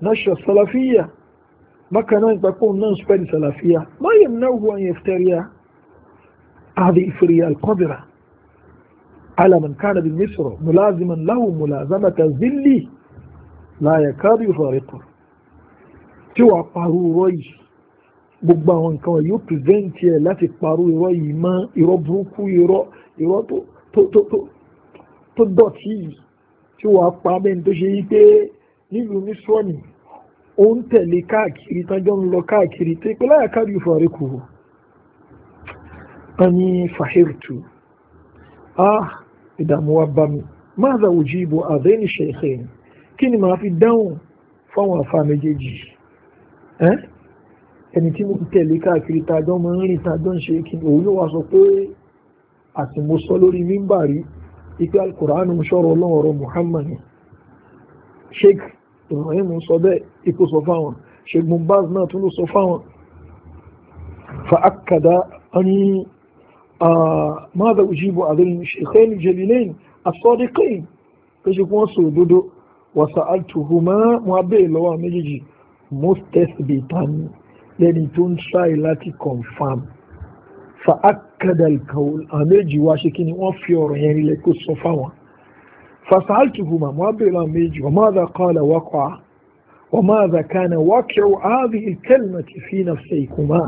nasha salafiyya bákan náà ìpapò náà ń spread salafiyya ma yamna'uhu an yaftariya هذه الفرية القذرة على من كان بمصر ملازما له ملازمة ذلي لا يكاد يفارقه tí wàá parú rọ́yì gbogbo àwọn nǹkan wọn yóò prevent ẹ láti parọ́ irọ́ yìí mọ́ irọ́ burúkú irọ́ irọ́ tó tó tó tó tó dọ̀tí yìí tí wàá pa bẹ́ẹ̀ tó ṣe yí pé nílùú nísọ́ọ̀nì ó ń tẹ̀lé káàkiri tájọ́ ń lọ káàkiri tó pé láyà káàdì ìfọ̀rẹ́ kù wọ́n ní fahirtu ah ìdààmú wa bá mi máza ujibu àdéhìn ṣèṣe kí ni màá fi dáhùn fáwọn àfa méjèèjì ẹni tí mo ti tẹ̀lé káàkiri tàjọ́ mọ́ ń rìn tàjọ́ ń ṣe kí òun ló wá sọ pé àti mo sọ lórí mímbà rí ipe alkùránù ń ṣọ́rọ̀ ọlọ́run ọ̀rọ̀ muhammad sheikh ibrahim sọ bẹ́ẹ̀ ipò sọ fáwọn sheikh mumbaz náà tún ló sọ fáwọn fa akada ani ماذا أجيب عليه الشيخين الجليلين الصادقين فيجب وصول دودو وسألتهما معبئ لوا مجيجي مستثبتا lẹ́ni tó ń try láti confam fa akadal kawul àwọn méjì wá ṣe kí ni wọ́n fi ọ̀rọ̀ yẹn nílẹ̀ kó sọ fáwọn fasaltuhuma wọ́n bèèrè àwọn méjì wọ́n máa dà qala waqa wọ́n máa dà kana waqi'u hadhihi al-kalimati fi nafsaykuma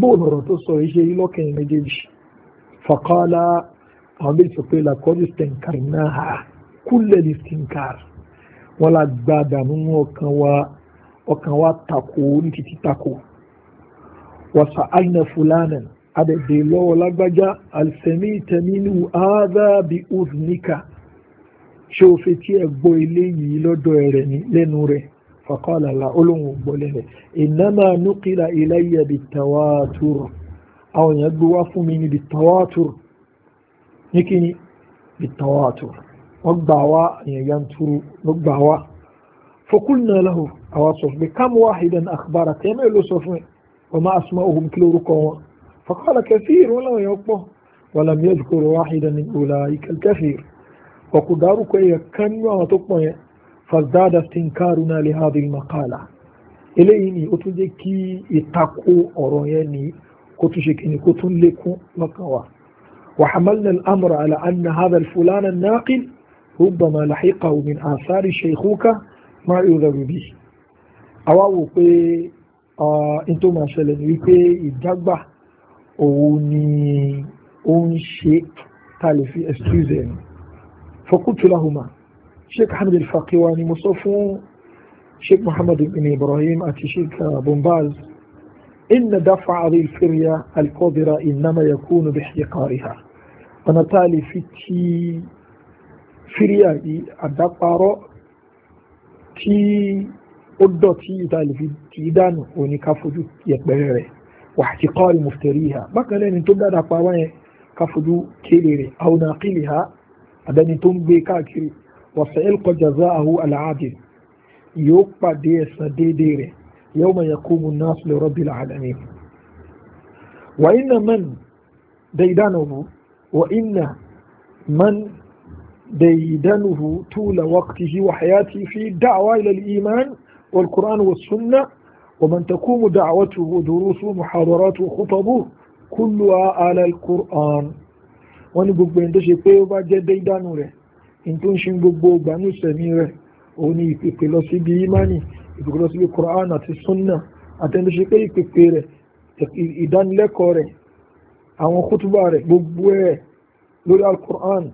bóun ọ̀rọ̀ tó sọ iṣẹ́ yìí méjèèjì fa àwọn méjì sọ pé laqad istankarnaha kulla istinkar wọ́n la gbàdánù ọkàn wa ọkàn wa tako ní títí tako. وسألنا فلانا أدي لو لبجا السميت منه هذا بأذنك شوف تي أقبو إليه لدويرني لنوري فقال لا ألوم بولني إنما نقل إلي بالتواتر أو يدو مني بالتواتر نكني بالتواتر وقبعوا ينتر وقبعوا فقلنا له أواصف بكم واحدا أخبارك يميلو صفين ọmọ asọ́mọ́ ohun kí lórúkọ wọn faqala kathir wọn làwọn yẹn pọ̀ walam yadhkur wahidan min ulaika al-kathir ọkù dárúkọ yẹ kán nínú àwọn tó pọ̀ yẹn fazdada istinkaruna li hadhihi al-maqala eléyìí ni ó tún jẹ́ kí ìtakò ọ̀rọ̀ yẹn ní kó tún ṣe kìíní kó tún lékún lọ́kàn wa وحملنا الأمر على أن هذا الفلان الناقل ربما لحقه من آثار الشيخوكة ما يذهب به أواو pé Ah, n tó máa ṣẹlẹ̀ ní wípé ìdágbà òun ni ó ń ṣe tá a lè fi excuse ẹ̀ fọkútu lahuma sheikh ahmed al-faqih wa ni mo sọ fún sheikh muhammad ibn ibrahim àti sheikh ah, bombaz inna dafa ari firya alkobira inama yakunu bi xiqariha ọ̀nà tá a lè fi ti ó dọ̀tí ìtàlẹ́fi tì í dànù òní ká fojú yẹpẹrẹ rẹ̀ wà á ti kọ́ ọ̀rẹ́ mufteriha bákan lẹ́ni tó dáadáa pa wáyẹn ká fojú kéde rẹ̀ àwọn àkìlìhà àdáni tó ń gbé káàkiri wà sẹ́yìn kọjá zá àhú àlàáde yóò pàdé ẹ̀sán déédéé rẹ̀ yawma yaqumu an-nas li rabbil alamin wa inna man daydanuhu wa inna man ديدنه طول وقته وحياته في دعوة إلى الإيمان والقرآن والسنة ومن تقوم دعوته ودروسه ومحاضراته وخطبه كلها على القرآن wọ́n ní gbogbo ẹni tó ṣe pé ó bá jẹ́ déédánù rẹ̀ ní tó ń ṣe gbogbo gbanú sẹ̀mí rẹ̀ òun ni ìpèpè lọ síbi imani ìpèpè lọ síbi Quran àti sunna àtẹni ṣe pé ìpèpè rẹ̀ ìdánilẹ́kọ̀ọ́ rẹ̀ àwọn kútùbà rẹ̀ gbogbo ẹ̀ lórí al-Quran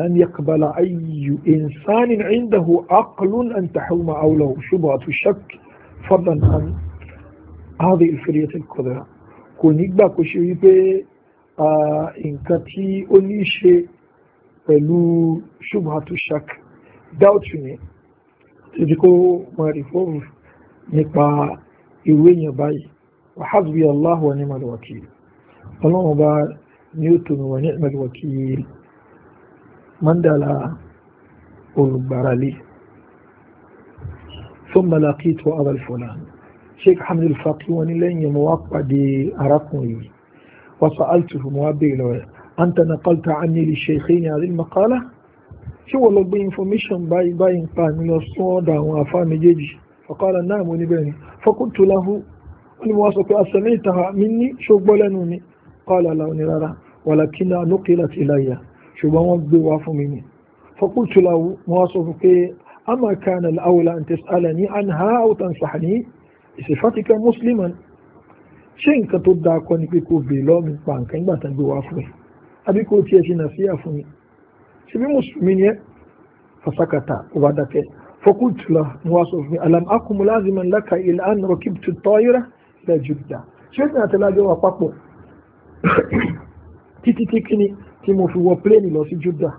أن يقبل أي إنسان عنده عقل أن تحوم حوله شبهة الشك فضلا عن هذه الفرية الكبرى kò ní gbà kó ṣe wípé nǹkan tí ó ní ṣe pẹ̀lú ṣubhatu shak doubt ni títí kó máa rí fóònù nípa ìwé yẹn báyìí wa hasbi Allahu wa ni'mal wakil ọlọ́run bá ní ó tòun wa ni'mal wakil mandala olùgbàralé thumma laqitu abal fulan sheikh hamdul faqi wọn ni lẹ́yìn mo wá pàdé arákùnrin yìí wa sa'altuhu mo wá béèrè lọ́wọ́ anta naqalta anni li shaykhaini hadhihi al-maqala ṣé wọ́n lọ gbé information báyìí báyìí ń pa mi lọ sún ọ̀dọ̀ àwọn afá méjèèjì faqala na'am níbẹ̀ ni faqultu lahu wọ́n ni mo wá sọ pé asami'taha minni ṣó gbọ́ lẹ́nu mi qala la ní rárá walakinna nuqilat ilayya ṣùgbọ́n wọ́n gbé wá fún mi ni fọ́kútùlá wọ́n sọ fún pé a máa ká na láwùlá àti sàlẹ̀ ní an ha àwùtàn sàní ìsìfàtìkà musliman ṣé nǹkan tó dáa kọ́ ni pé kò bè lọ́ọ̀mì pa nǹkan nígbà tán gbé wá fún ẹ àbí kò tiẹ̀ ṣe nà síyà fún mi bí mùsùlùmí ni ẹ fasakata ó bá dákẹ́ fọ́kútùlá wọ́n sọ fún mi alam akumula laka ilà an rọkìbtù tọ́yìrà lẹ́jùdà ṣé ó ti àtẹlájọ́ tí mo fi wọ pléènì lọ sí Júdà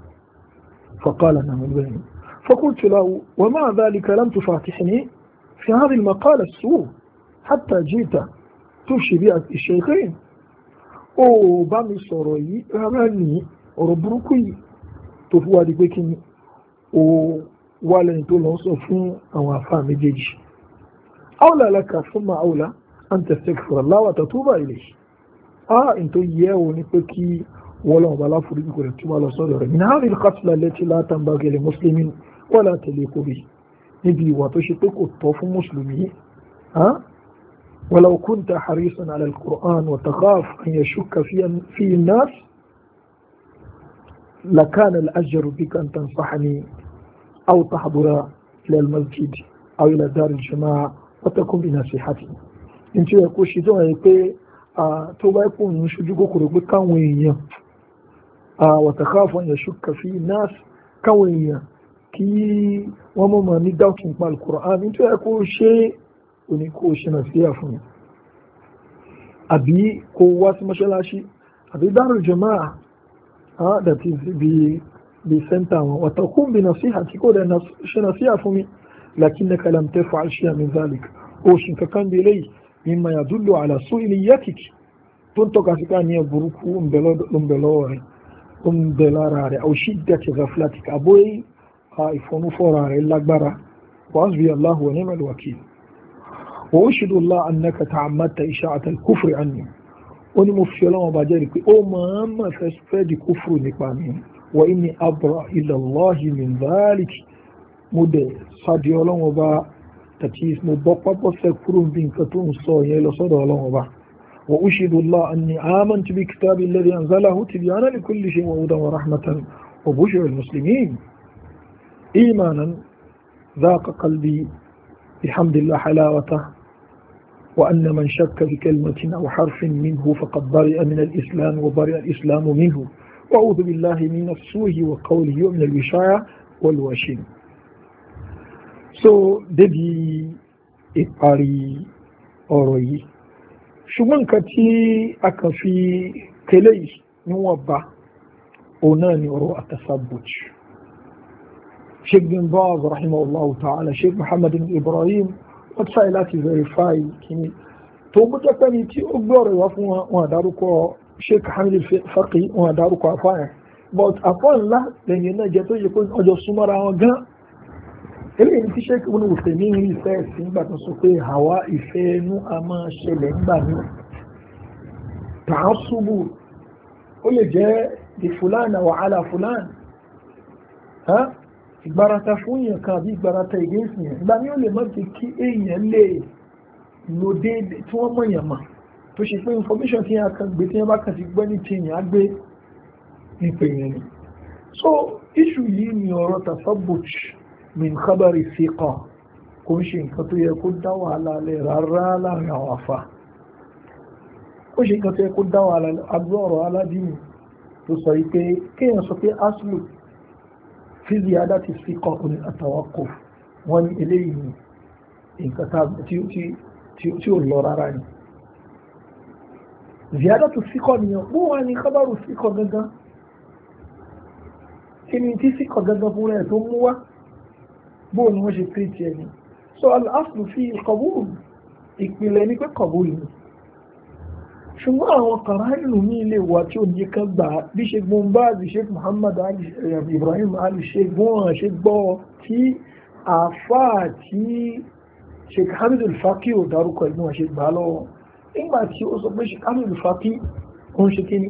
fọkàlà náà wọn bẹ́ẹ̀ ni فقلت له ومع ذلك لم تفاتحني في هذه المقالة السوء حتى جئت تفشي بها الشيخين ó bá mi sọ̀rọ̀ yìí rárá ní ọ̀rọ̀ burúkú yìí tó fi wá di pé kí ni ó wá lẹ́yìn tó lọ sọ fún àwọn àfáà méjèèjì awla laka thumma awla an tastaghfira Allah wa tatuba ilayhi á ah, ní tó yẹ ò ní pé kí ولو بلافر يقول انتما لصدر من هذه القتلة التي لا تنبغي لمسلمين ولا تليق به نبي وتشتكوا الطوف المسلمين ها ولو كنت حريصا على القرآن وتخاف أن يشك في فيه الناس لكان الأجر بك أن تنصحني أو تحضر إلى المسجد أو إلى دار الجماعة وتكون بنصيحتي أنت يقول شيء آه، توبا يكون شجوك كان وين wàtàkáfọ́ yẹn ṣùkà fi nas káwọn èèyàn kí wọ́n mọ̀ ní dákùn pa alukur'an nítorí ẹ̀ kó ṣe òní kó ṣe nà sí àfún yẹn àbí kó wá sí mọ́ṣáláṣí àbí dárul jama'a ah, that is bí bí sẹ́ńtà wọn wàtàkùn bí nasiha tí kò dẹ̀ ṣe nà sí àfún mi lakinnaka lam taf'al shay'an min zalik oṣù kankan bí eléyìí mimma yadullu ala su'iliyyatik tó ń tọ́ka sí ká ní ẹ̀ burúkú ó ń bẹ lára rẹ̀ àwòṣídẹ̀tì raflatic àbóyé ìfọnúfọ́ra rẹ̀ lágbára wàásù bíi aláhu wa nímọ̀ lùwàkì wọ́n ó ṣètò lá anáka tá a máta iṣẹ́ àtàlù kúfùrù àná ó ní mo fi ọlọ́wọ́n bá jẹ́rìí pé ó máa ń máa fẹ́ fẹ́ di kúfùrù nípa mi wà á ní abra ilallahi min dhalik mo dẹ̀ sáde ọlọ́wọ́n bá tàbí mo bọ́ pápọ́ fẹ́ kúrò nǹkan tó ń sọ yẹn lọ sọ́dọ̀ ọlọ́wọ́n bá. وأشهد الله أني آمنت بكتاب الذي أنزله تبيانا لكل شيء وهدى ورحمة وبشر المسلمين إيمانا ذاق قلبي بحمد الله حلاوته وأن من شك بكلمة أو حرف منه فقد برئ من الإسلام وبرئ الإسلام منه وأعوذ بالله من نفسه وقوله ومن الوشاية والوشين So, débi ìparí or he? ṣùgbọ́n nǹkan tí a kàn fi tẹ́lẹ̀ yìí níwọ̀n bá òun náà ni ọ̀rọ̀ àtàsàbòj sheikh bin Baz rahimahullahu ta'ala sheikh Muhammad bin Ibrahim wọ́n try láti verify kìíní tó bó jẹ́ pẹ́ni tí ó gbọ́rọ̀ wá fún wọn àdárúkọ sheikh hamid Faki wọn àdárúkọ afáyà but afọ́ ńlá lẹ́yìn náà jẹ́ tó yẹ kó ọjọ́ súnmọ́ra wọn gan-an eléyìí tí sẹ́kì wọn òfin ní ìfẹ́ ẹ̀sìn nígbà tó sọ pé àwa ìfẹ́ ẹnu a máa ṣẹlẹ̀ nígbà míì tààsùbù ó lè jẹ́ di fulan àwọn ala fulan ìgbárata fún èèyàn kan àbí ìgbárata ìgbésìn yẹn nígbà míì ó lè má jẹ́ kí èèyàn lè lò déédéé tí wọ́n mọ̀ yàn mà tó ṣe pé information tí yẹn kan gbé tí yẹn bá kàn sí gbẹ́ ní ti yẹn á gbé ìpè yẹn ni so issue yìí ni ọ̀rọ̀ tasabbuch min khabari siqa kò ń ṣe nǹkan tó yẹ kó dá wàhálà lẹ̀ rárá láàrin àwọn àfa ó ṣe nǹkan tó yẹ kó dá wàhálà lẹ̀ agbó ọ̀rọ̀ aládìmí tó sọ yìí pé kéèyàn sọ pé aslu fi ziyadati siqa ní at-tawaqquf wọ́n ní eléyìí nǹkan tí ó lọ rárá ni ziyadatu siqa nìyẹn bó wà ní khabaru siqa gangan kí ni tí siqa gangan fúnra ẹ̀ tó mú wá bóun ni wọ́n ṣe tírìtì ẹni so aláàfin fi kọ̀bùrù ìpìlẹ̀ ní pé kọ̀bùrù ni ṣùgbọ́n àwọn kàránù ní ilé wa tí ó ní ká gbà bí ṣe gbọ́n bá bí sheikh muhammad eh, ibrahim ali ṣe gbọ́n ṣe gbọ́ tí àfá tí sheikh hamid al-faqi ò dárúkọ ìlú wọn ṣe gbà lọ́wọ́ nígbà tí ó sọ pé sheikh hamid al-faqi òun ṣe kíni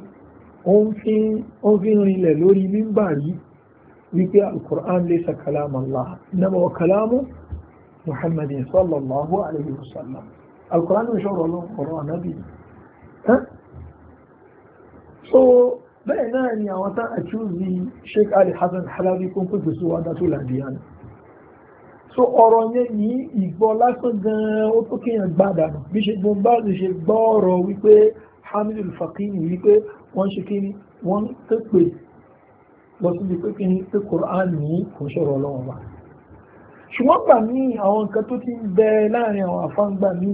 òun fi rinlẹ̀ lórí mímbà yìí wípé alukur'an laysa kalam Allah innama wa kalamu muhammadin sallallahu alayhi wa sallam alukur'an ń sọ̀rọ̀ lọ ọ̀rọ̀ ànábì so bẹ́ẹ̀ náà ni àwọn tán àtúnzi sheikh ali hasan halabi kún pèpè sí wa dátó làdíyàn so ọ̀rọ̀ yẹn ní ìgbọ́ lásán gan-an ó tó kéèyàn gbádà nù bí ṣe gbọ́n bá lè ṣe gbọ́ ọ̀rọ̀ wípé hamidul faqih wípé wọ́n ṣe kí ni wọ́n tẹ́pẹ́ lọ síbi pé kí ni pé Quran ní kò ṣọ̀rọ̀ ọlọ́run wa ṣùgbọ́n gbà mí àwọn nǹkan tó ti ń bẹ láàrin àwọn àfáǹgbà mí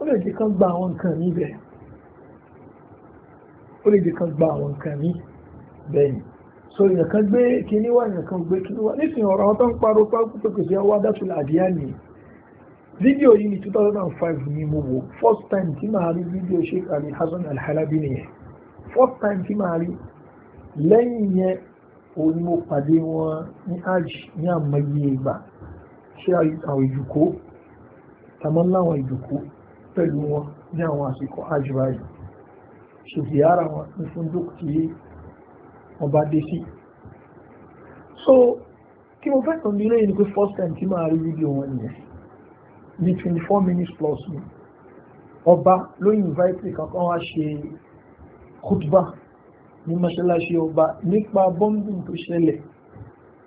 ó lè jẹ́ kán gba àwọn nǹkan mí bẹ́ẹ̀ ó lè jẹ́ kán gba àwọn nǹkan mí bẹ́ẹ̀ ni so èèyàn kan gbé kíní wá èèyàn kan gbé kíní wá nísìnyí ọ̀rọ̀ àwọn tó ń parọ́ pápú pé kò sí ọwọ́ adáṣọ àdíyá ni fídíò yìí ní two thousand and five ni mo wò first time tí màá rí fídíò Sheikh Ali Hasan Al-Halabi nìyẹn first time tí màá rí lẹ́yìn yẹn o ni mo pàdé wọn ní hajj ní àmọye ìgbà ṣé àwọn ìjùkó tàmọ́ láwọn ìjùkó pẹ̀lú wọn ní àwọn àsìkò hajj báyìí ṣe ziyara wọn ní fúndùk tí wọ́n bá dé sí. so kí mo fẹ́ kàn mí lẹ́yìn ni pé first time tí màá rí fídíò wọn nìyẹn ní twenty four minutes plus ọba ló invite kankan wá ṣe khutbah ní mọ́ṣáláṣí ọba nípa bọ́m̀bìn tó ṣẹlẹ̀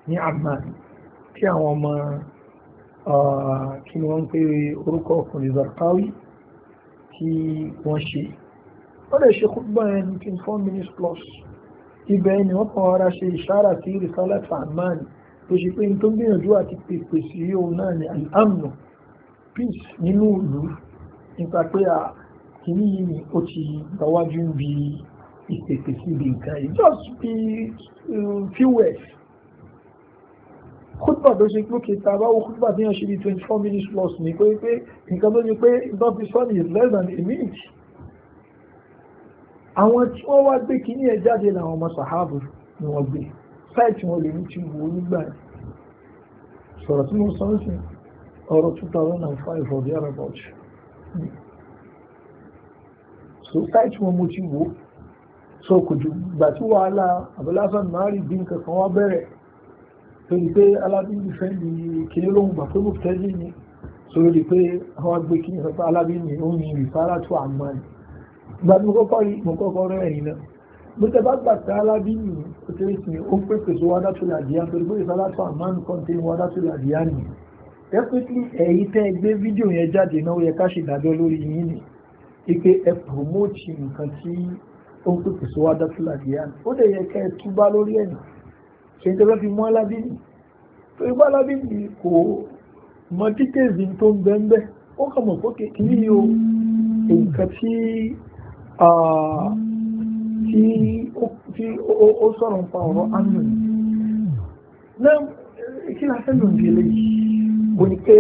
ní Amman tí àwọn ọmọ kí ni wọ́n ń pè orúkọ ọkùnrin Zarqawi tí wọ́n ṣe wọ́n lè ṣe kúgbọ́ yẹn ní twenty four minutes plus ibẹ̀ ni wọ́n kàn ara ṣe ìṣára sí risalat Amman tó ṣe pé tó ń gbìyànjú àti pèpè sí òun náà ni al peace nínú ìlú nípa pé kìíní yìí ti gbáwájú ń ìpèpè síbi nǹkan yìí just be um, few words kútbà tó ṣe lókè tá a bá wo kútbà tí yàn ṣe bí twenty four minutes plus ní pé pé nǹkan tó ní pé nǹkan fi sọ́ọ̀nì is less than a minute àwọn tí wọ́n wá gbé kíní ẹ̀ jáde làwọn ọmọ sàhábù ni wọ́n gbé sáìtì wọn lè ní ti wò ó nígbà yìí sọ̀rọ̀ tí mo sọ ń sìn ọ̀rọ̀ two thousand and five for the other watch so sáìtì wọn mo ti wò ó so kò jù gbà tí wàhálà abúlásán mari bí nǹkan kan wá bẹ̀rẹ̀ lórí pé alábíyí fẹ́ ní kíní lóhun gbà pé mọ̀tẹ́jì ni so lórí pé àwọn agbé kíní sọ pé alábíyí ó ní rìfárá tó àmọ́ ni gbà tí mo kọ́kọ́ rí mo kọ́kọ́ rẹ́ ẹ̀yìn náà mo tẹ́ bá gbà pé alábíyí ó kéré sí ni ó ń pèsè sí wádá tó làdíyá torí pé ìfárá tó àmọ́ ni kọ́ńté wádá tó làdíyá ni definitely èyí tẹ́ gbé fídíò yẹn jáde náà ó yẹ ká ṣèdájọ́ lórí yín ni ipe ẹ promote nǹkan tí ó ń pèpè sí wádá tó làdíyà ni ó lè yẹ kẹ́ ẹ túbá lórí ẹ̀yìn ṣe ń tẹ́lẹ̀ fi mú alábíbí tó ibú alábíbí kò mọ dítèzì tó ń bẹ́ńbẹ́ ó kàn mọ̀ pé kìíní o nǹkan tí tí ó sọ̀rọ̀ nípa ọ̀rọ̀ àmì náà kí la fẹ́ lòdì eléyìí bó ni pé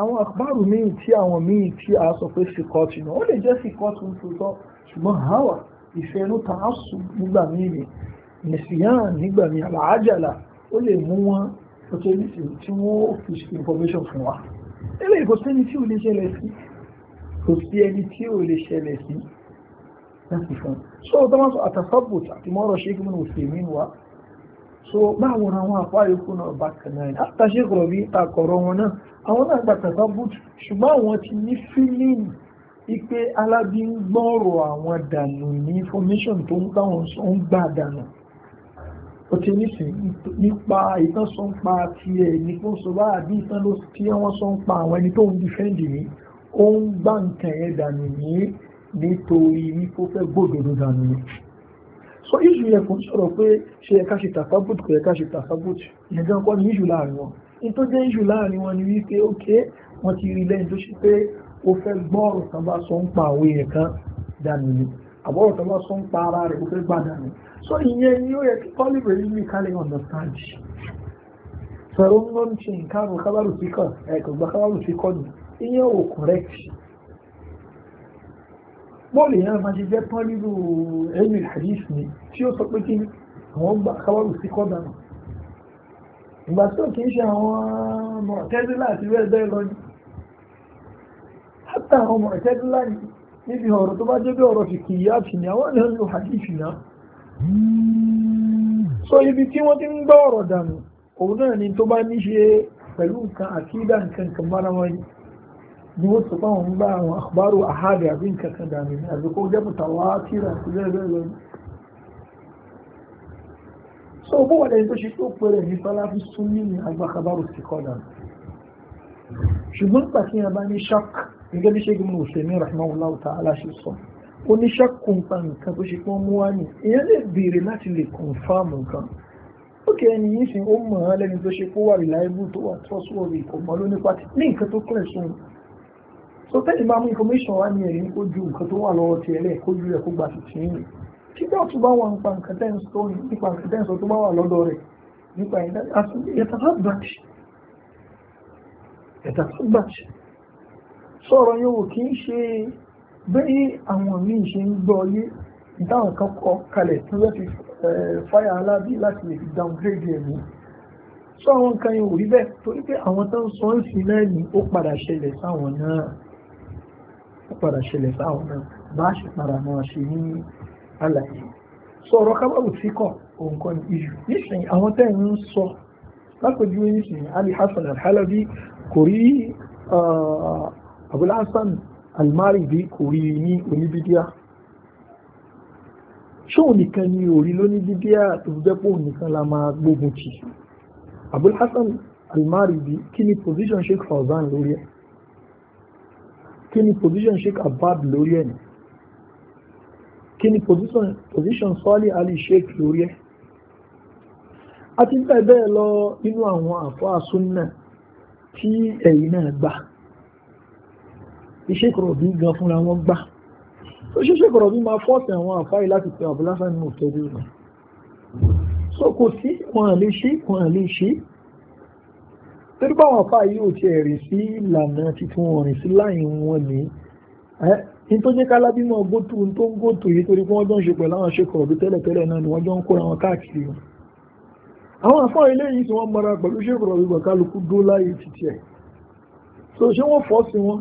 àwọn àkùbárù míì tí àwọn míì tí a sọ pé sí náà ó lè jẹ́ sí kọ́ọ̀tù ń tutọ́ ṣùgbọ́n àwa ìfẹ́nú tààsù nígbà míì rẹ̀ nìsíyàn nígbà míì àlàájàlà ó lè mú wọn opportunity tí wọ́n fi information fún wa ilé kò sẹ́ni tí ò lè ṣẹlẹ̀ sí kò sí ẹni tí ò lè ṣẹlẹ̀ sí láti fún so tó máa sọ àtàfàbùt àti mọ́rọ̀ ṣéèkì mọ́nà òfèmí wa so báwo ra àwọn àpá yòókù náà bá kan náà àtàṣe kọ̀rọ̀ bí takọ̀rọ̀ wọn náà àwọn náà gba àtàfàbùt ṣùgbọ́n àwọn ti ní fílíìnì ipe alábí ń gbọ́rọ̀ àwọn dànù ní information tó ń táwọn sọ ń gbà dànù ó ti nísìn nípa ìtàn sọ ń pa tiẹ̀ ní kó sọ bá àbí ìtàn ló tí wọ́n sọ ń pa àwọn ẹni tó ń dìfẹ́ǹdì ní ó ń gbà nǹkan ẹ̀ dànù ní nítorí wípé ó fẹ́ gbòdòdó dànù ní. sọ ìṣù yẹn kò ń sọ̀rọ̀ pé ṣe ẹ̀ka ṣe tàfábùtù kò ẹ̀ka ṣe tàfábùtù ìyẹn gan kọ́ ní ìṣù láàrin wọn ní tó jẹ́ ìṣù láàrin wọn ni wípé ókè wọ́n ti rí lẹ́yìn tó ṣe pé ó fẹ́ gbọ́ọ̀rọ̀ kan bá sọ ń pa àwọn èèyàn kan dànù ni àbọ̀rọ̀ kan bá sọ ń pa ara rẹ̀ ó fẹ́ gbà dànù so ìyẹn ni ó yẹ kí kọ́lìbẹ̀ yìí ní kálí understand sọ̀rọ̀ ń lọ ṣe nǹkan àwọn kábàrù sí kọ̀ ẹ̀kọ́ gba kábàrù sí kọ́ ni ìyẹn ò correct bọ́ọ̀lù yẹn máa ṣe jẹ́ pọ́n nínú ẹ̀mí hadith ni tí ó sọ pé kí àwọn gba kábàrù sí kọ́ dànù ìgbà tí ó kì í ṣe àwọn mọ̀tẹ́sílà àti bẹ́ẹ̀ bẹ́ẹ̀ lọ àwọn Mu'tazila ní níbi ọ̀rọ̀ tó bá jẹ́ bí ọ̀rọ̀ fìkìyàtì ni àwọn ènìyàn lò hadithi náà so ibi tí wọ́n ti ń gbọ́ ọ̀rọ̀ dànù òun náà ni tó bá ní ṣe pẹ̀lú nǹkan àkídà nǹkan kan bára wọn ni wọ́n sọ fáwọn ń bá àwọn àkbárò àhádì àbí nǹkan kan dànù ní àzùkọ́ jẹ́ mutawatir àti bẹ́ẹ̀ bẹ́ẹ̀ lọ so bó wà lẹ́yìn tó ṣe tó pẹ̀rẹ̀ ní sáláfí súnmí ní agbákabárò sí kọ́ dànù ṣùgbọ́n nígbà tí yẹn bá ní ṣak gẹ́gẹ́ bí ṣégun mùsùlùmí rahmanullah ta'ala ṣe sọ ó ní ṣak kùnpa nǹkan tó ṣe pé wọ́n mú wá ní ìyẹn lè béèrè láti lè kọ̀nfàmù nǹkan ó kẹ́ ẹni yìí sìn ó mọ̀ ọ́ lẹ́ni tó ṣe pé wà reliable tó wà trustworthy kò mọ́ lóní pàtì ní nǹkan tó kọ́ ẹ̀sùn so tẹ́lẹ̀ máa mú information wá ní ẹ̀rí kó ju nǹkan tó wà lọ́wọ́ ti ẹlẹ́ kó ju ẹ̀ kó gbà sí nípa ìdájọ́ àti ìyẹ̀tàfà bàtì ẹ̀dá tó gbàṣẹ sọ̀rọ̀ yòówù kì í ṣe bí àwọn míì ṣe ń gbọ́ yé ìdáhùn kan kọ kalẹ̀ tí wọ́n fi fáyà alábí láti lè fi downgrade ẹ̀mí sọ àwọn nǹkan yòówù rí bẹ́ẹ̀ torí pé àwọn tó ń sọ ń sìn náà ni ó padà ṣẹlẹ̀ sáwọn náà ó padà ṣẹlẹ̀ sáwọn náà bá a ṣe padà máa ṣe ní àlàyé sọ̀rọ̀ kábàbù tí kọ̀ òun kọ́ ni nísìnyí àwọn tẹ́ ń sọ lápèjúwe nísìnyí Ali Hasan al-Halabi kò rí uh, Abul Hasan al-Maridi kò rí ní oníbídíà ṣóun nìkan ni orí lóníbídíà tó fi jẹ́ pé òun nìkan la máa gbógun tì Abul Hasan al-Maridi kí ni position Sheikh Fawzan lórí ẹ̀ kí ni position Sheikh Abbad lórí ẹ̀ kí ni position position ali sheikh lórí ẹ̀ àti bẹ́ẹ̀ bẹ́ẹ̀ lọ nínú àwọn àfáà súnnà tí ẹ̀yìn náà gbà iṣẹ́ kọ̀rọ̀ bí gan fúnra wọn gbà tó ṣiṣẹ́ kọ̀rọ̀ bí máa fọ́ọ̀sì àwọn àfáì láti pe àbúlásà nínú òtẹ́jú rẹ̀ so kò sí wọn à lè ṣe wọn à lè ṣe torí báwọn àfáì yóò ti ẹ̀rìn sí ìlànà titun ọ̀rìn sí láì wọn ní ní tó jẹ́ kálábímọ̀ gótù tó ń gótù yìí torí pé wọ́n jọ ń ṣe pẹ̀lú àwọn ṣe kọ̀rọ̀ bí tẹ́lẹ̀tẹ́lẹ̀ náà ni wọ́n jọ ń kóra wọn káàkiri wọn àwọn àfá ilé yìí tí wọ́n mara pẹ̀lú ṣe rọ̀ ìgbà kálukú dó láyé títí ẹ̀ so ṣé wọ́n fọ́ sí wọn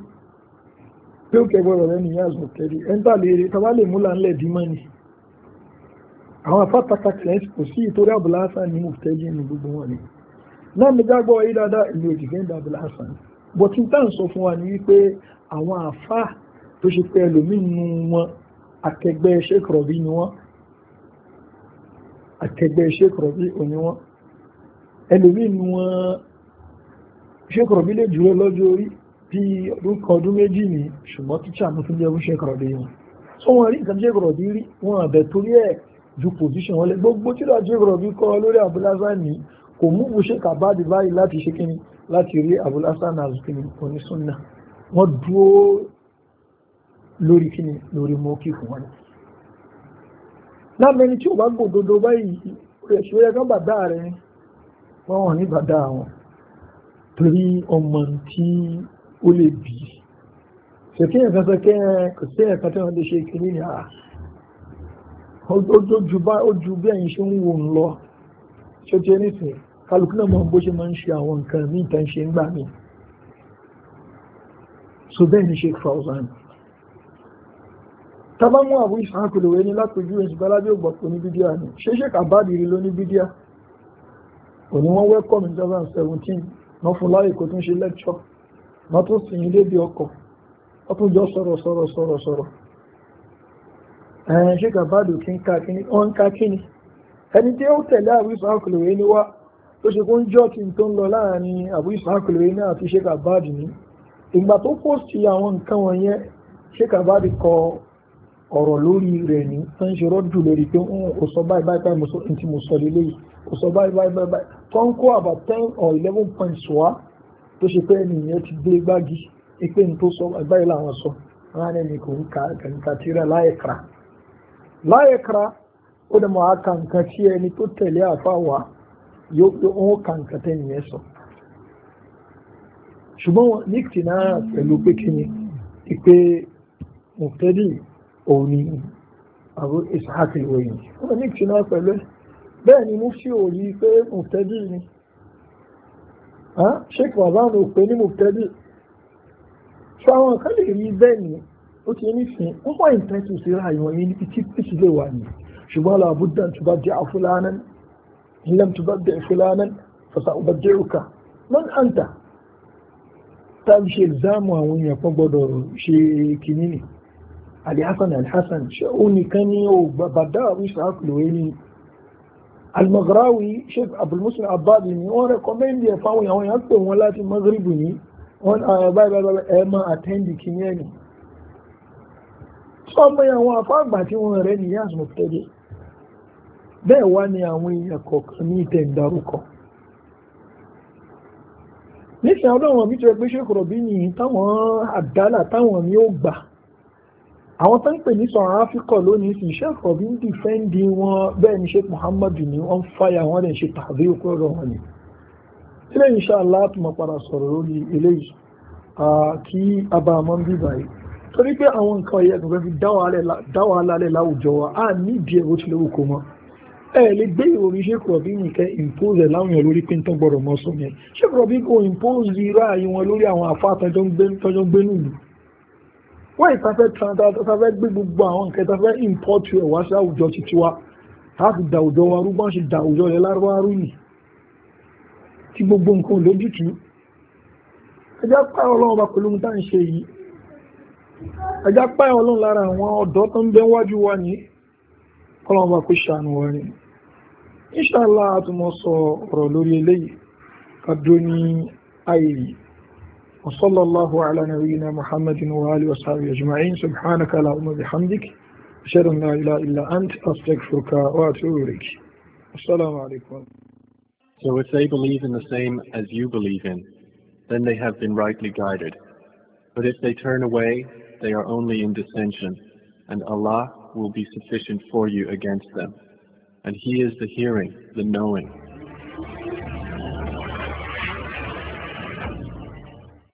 pé ó kẹgbọ́rọ̀ rẹ nìyá àzùn kẹrì ẹ̀ńtà lè rí tàbá lè múlà ńlẹ̀ dímọ́ ni àwọn àfá tata kò sí ìtorí àbúlá ni náà mi jágbọ́ yìí dáadáa ìlú òjìfẹ́ ń da àbúlá hasan bọ̀tí tá ni wípé àwọn àfá tó ṣe pé ẹlòmíín ẹlòmí ni wọ́n ṣékọ̀rọ̀ bí lè jùlọ lọ́jọ́ orí bí ọdún kan ọdún méjì ní ṣùgbọ́n tíṣà ló tún jẹ́ fún ṣékọ̀rọ̀ bí so wọn rí nǹkan ṣékọ̀rọ̀ bí rí wọn àbẹ̀ torí ẹ̀ ju position wọn lẹ gbogbo tí lọ́ọ́ ṣékọ̀rọ̀ bí kọ́ lórí abúlásán ní kò mú bu ṣe kàbáàdì báyìí láti ṣe kíni láti rí abúlásán náà kíni onísùnà wọ́n dúró lórí kíni lórí mọ́kì fún wọn láàmì ẹni tí ò bá gbòdodo báyìí ìṣòro ẹ̀ká bàbá rẹ̀ wọ́n wọ̀n ní bàdá àwọn torí ọmọ tí ó lè bí ṣèkíyàn kan sọ kẹ́ eh, kò sí ẹ̀ka tí wọ́n lè ṣe kiri ní àá ojú bí ẹ̀yin ṣe ń wò ń lọ ṣé ti ẹni sìn kálukú náà mọ̀ bó ṣe máa ń ṣe àwọn nǹkan ní ìtàn ṣe ń gbà mí so bẹ́ẹ̀ ni Sheikh Fawzan tábà àwọn ìṣàkùlù wẹ́ni látòjú ẹ̀sìn bálábí ògbọ̀pọ̀ ní bídíà ni ṣé Sheikh Abadi rí ló ní bídíà òní wọ́n welcome in 2017 wọ́n fún láyè kó tún ṣe lecture wọ́n tún sìn ilé bí ọkọ̀ wọ́n tún jọ sọ̀rọ̀ sọ̀rọ̀ sọ̀rọ̀ sọ̀rọ̀ ẹ̀ẹ́n ṣé gàbádù kí ń ká kíní wọ́n ń ká kíní ẹni tí ó tẹ̀lé àbú ìsàkùlùwé ni wá tó ṣe kó ń jọ́ kí n tó ń lọ láàrin àbú ìsàkùlùwé náà àti ṣé gàbádù ní ìgbà tó pòsì àwọn nǹkan wọ̀nyẹn ṣé gàbádù kọ ọ̀rọ̀ lórí rẹ̀ ní tó ń ṣe rọ́dù lórí pé ó sọ báyìí báyìí báyìí tí mo sọ lélẹ̀ yìí ó sọ báyìí báyìí báyìí tó ń kó about ten or eleven points wá tó ṣe pé ènìyàn ti gbé gbági pé n tó sọ báyìí làwọn sọ wọn ẹni kò ń ka kàǹkà tí rẹ láyẹ̀kra láyẹ̀kra ó dẹ̀ mọ̀ á kàǹkà tí ẹni tó tẹ̀lé àfa wá yóò pé ó kàǹkà tẹ́niyẹn sọ ṣùgbọ́n ní tìǹà pẹ̀lú pé kíni ìpè mùtẹ́dì òun ni Abu Ishaq ìròyìn wọ́n ní ìtìná pẹ̀lú bẹ́ẹ̀ ni mufti ò rí pé mùtẹ́dì ni sheik wazan ò pé ní mùtẹ́dì ṣọ àwọn kan lè rí bẹ́ẹ̀ ni ó ti ní sìn ó wà ìtẹ́tù sí ra ìwọ̀n yìí níbi tí pìtì lè wà ní ṣùgbọ́n lọ àbúdà tó jẹ́ àfúlánán ilẹ̀ tó jẹ́ àfúlánán fasa ọba jẹ́ òkà man anta tá ṣe ìzáàmù àwọn èèyàn kan gbọ́dọ̀ ṣe kìnínní alhassan alhassan ṣe ó nìkan ní o bàbá àwíṣà àkùlùwé ni almaghrawi sheikh abdulmusin abadi ni wọ́n rẹ̀kọ́mẹ́ndì ẹ̀ fáwọn àwọn èèyàn pè wọ́n láti maghribu ni wọ́n ah, báyìí ẹ máa àtẹ́ndì kìíní ẹ̀ ni sọ ọmọ àwọn afáàgbà tí wọ́n rẹ̀ nìyá àsùn tẹ́lẹ̀ bẹ́ẹ̀ wá ní àwọn èèyàn kọ̀ọ̀kan ní ìtẹ̀ ń darúkọ nísìnyí ọlọ́run mi ti rẹ̀ pé sheikh rọ̀bí nìyí táwọn àdálà táwọn mi ó gbà àwọn tó ń pè ní sọ̀rọ̀ áfíkọ̀ lónìí sì ṣe àkọ́bí ń dìfẹ́ǹdì wọn bẹ́ẹ̀ ni Sheikh Muhammad ni wọ́n ń fàyà wọn lè ṣe tàbí òkú ọ̀rọ̀ wọn ni. ilé insha Allah tó máa padà sọ̀rọ̀ lórí eléyìí kí abàmọ́ ń bíbà yìí. torí pé àwọn nǹkan ẹ̀yẹ kan fẹ́ fi dá wàhálà lẹ̀ láwùjọ wa á ní ìdí ẹ̀ bó tilẹ̀ wù kó mọ́. ẹ lè gbé ìròyìn Sheikh Rabi nìkẹ́ impose láwọn èèyàn lórí pínpín gbọ́dọ̀ mọ́ sọ yẹn Sheikh kò impose irú ààyè lórí àwọn àfáà tọ́jọ́ ń gbénú ìlú wọ́n ìtafẹ́ tàǹtà tàfẹ́ gbé gbogbo àwọn nǹkan tàfẹ́ ìmpọ́tù ẹ̀ wá sí àwùjọ títí wa láti da àwùjọ wa rú bọ́n ṣe da àwùjọ rẹ̀ lárúbáwá rú yìí tí gbogbo nǹkan ò lójútùú ẹjá pa ọlọ́run bá pẹ̀lú ohun tá à ń ṣe yìí ẹjá pa ọlọ́run lára àwọn ọ̀dọ́ tó ń bẹ wájú wa ní ọlọ́run bá kó ṣàánú wa ni inṣàlá àtúmọ̀ sọ ọ̀rọ̀ lórí eléyìí ká dúró ní ààyè yìí وصلى الله على نبينا محمد وآله وصحبه أجمعين سبحانك بحمدك أشهد أن لا إله إلا أنت أستغفرك وأتوب إليك السلام عليكم So if they believe in the same as you believe in, then they have been rightly guided. But if they turn away, they are only in dissension, and Allah will be sufficient for you against them. And He is the hearing, the knowing.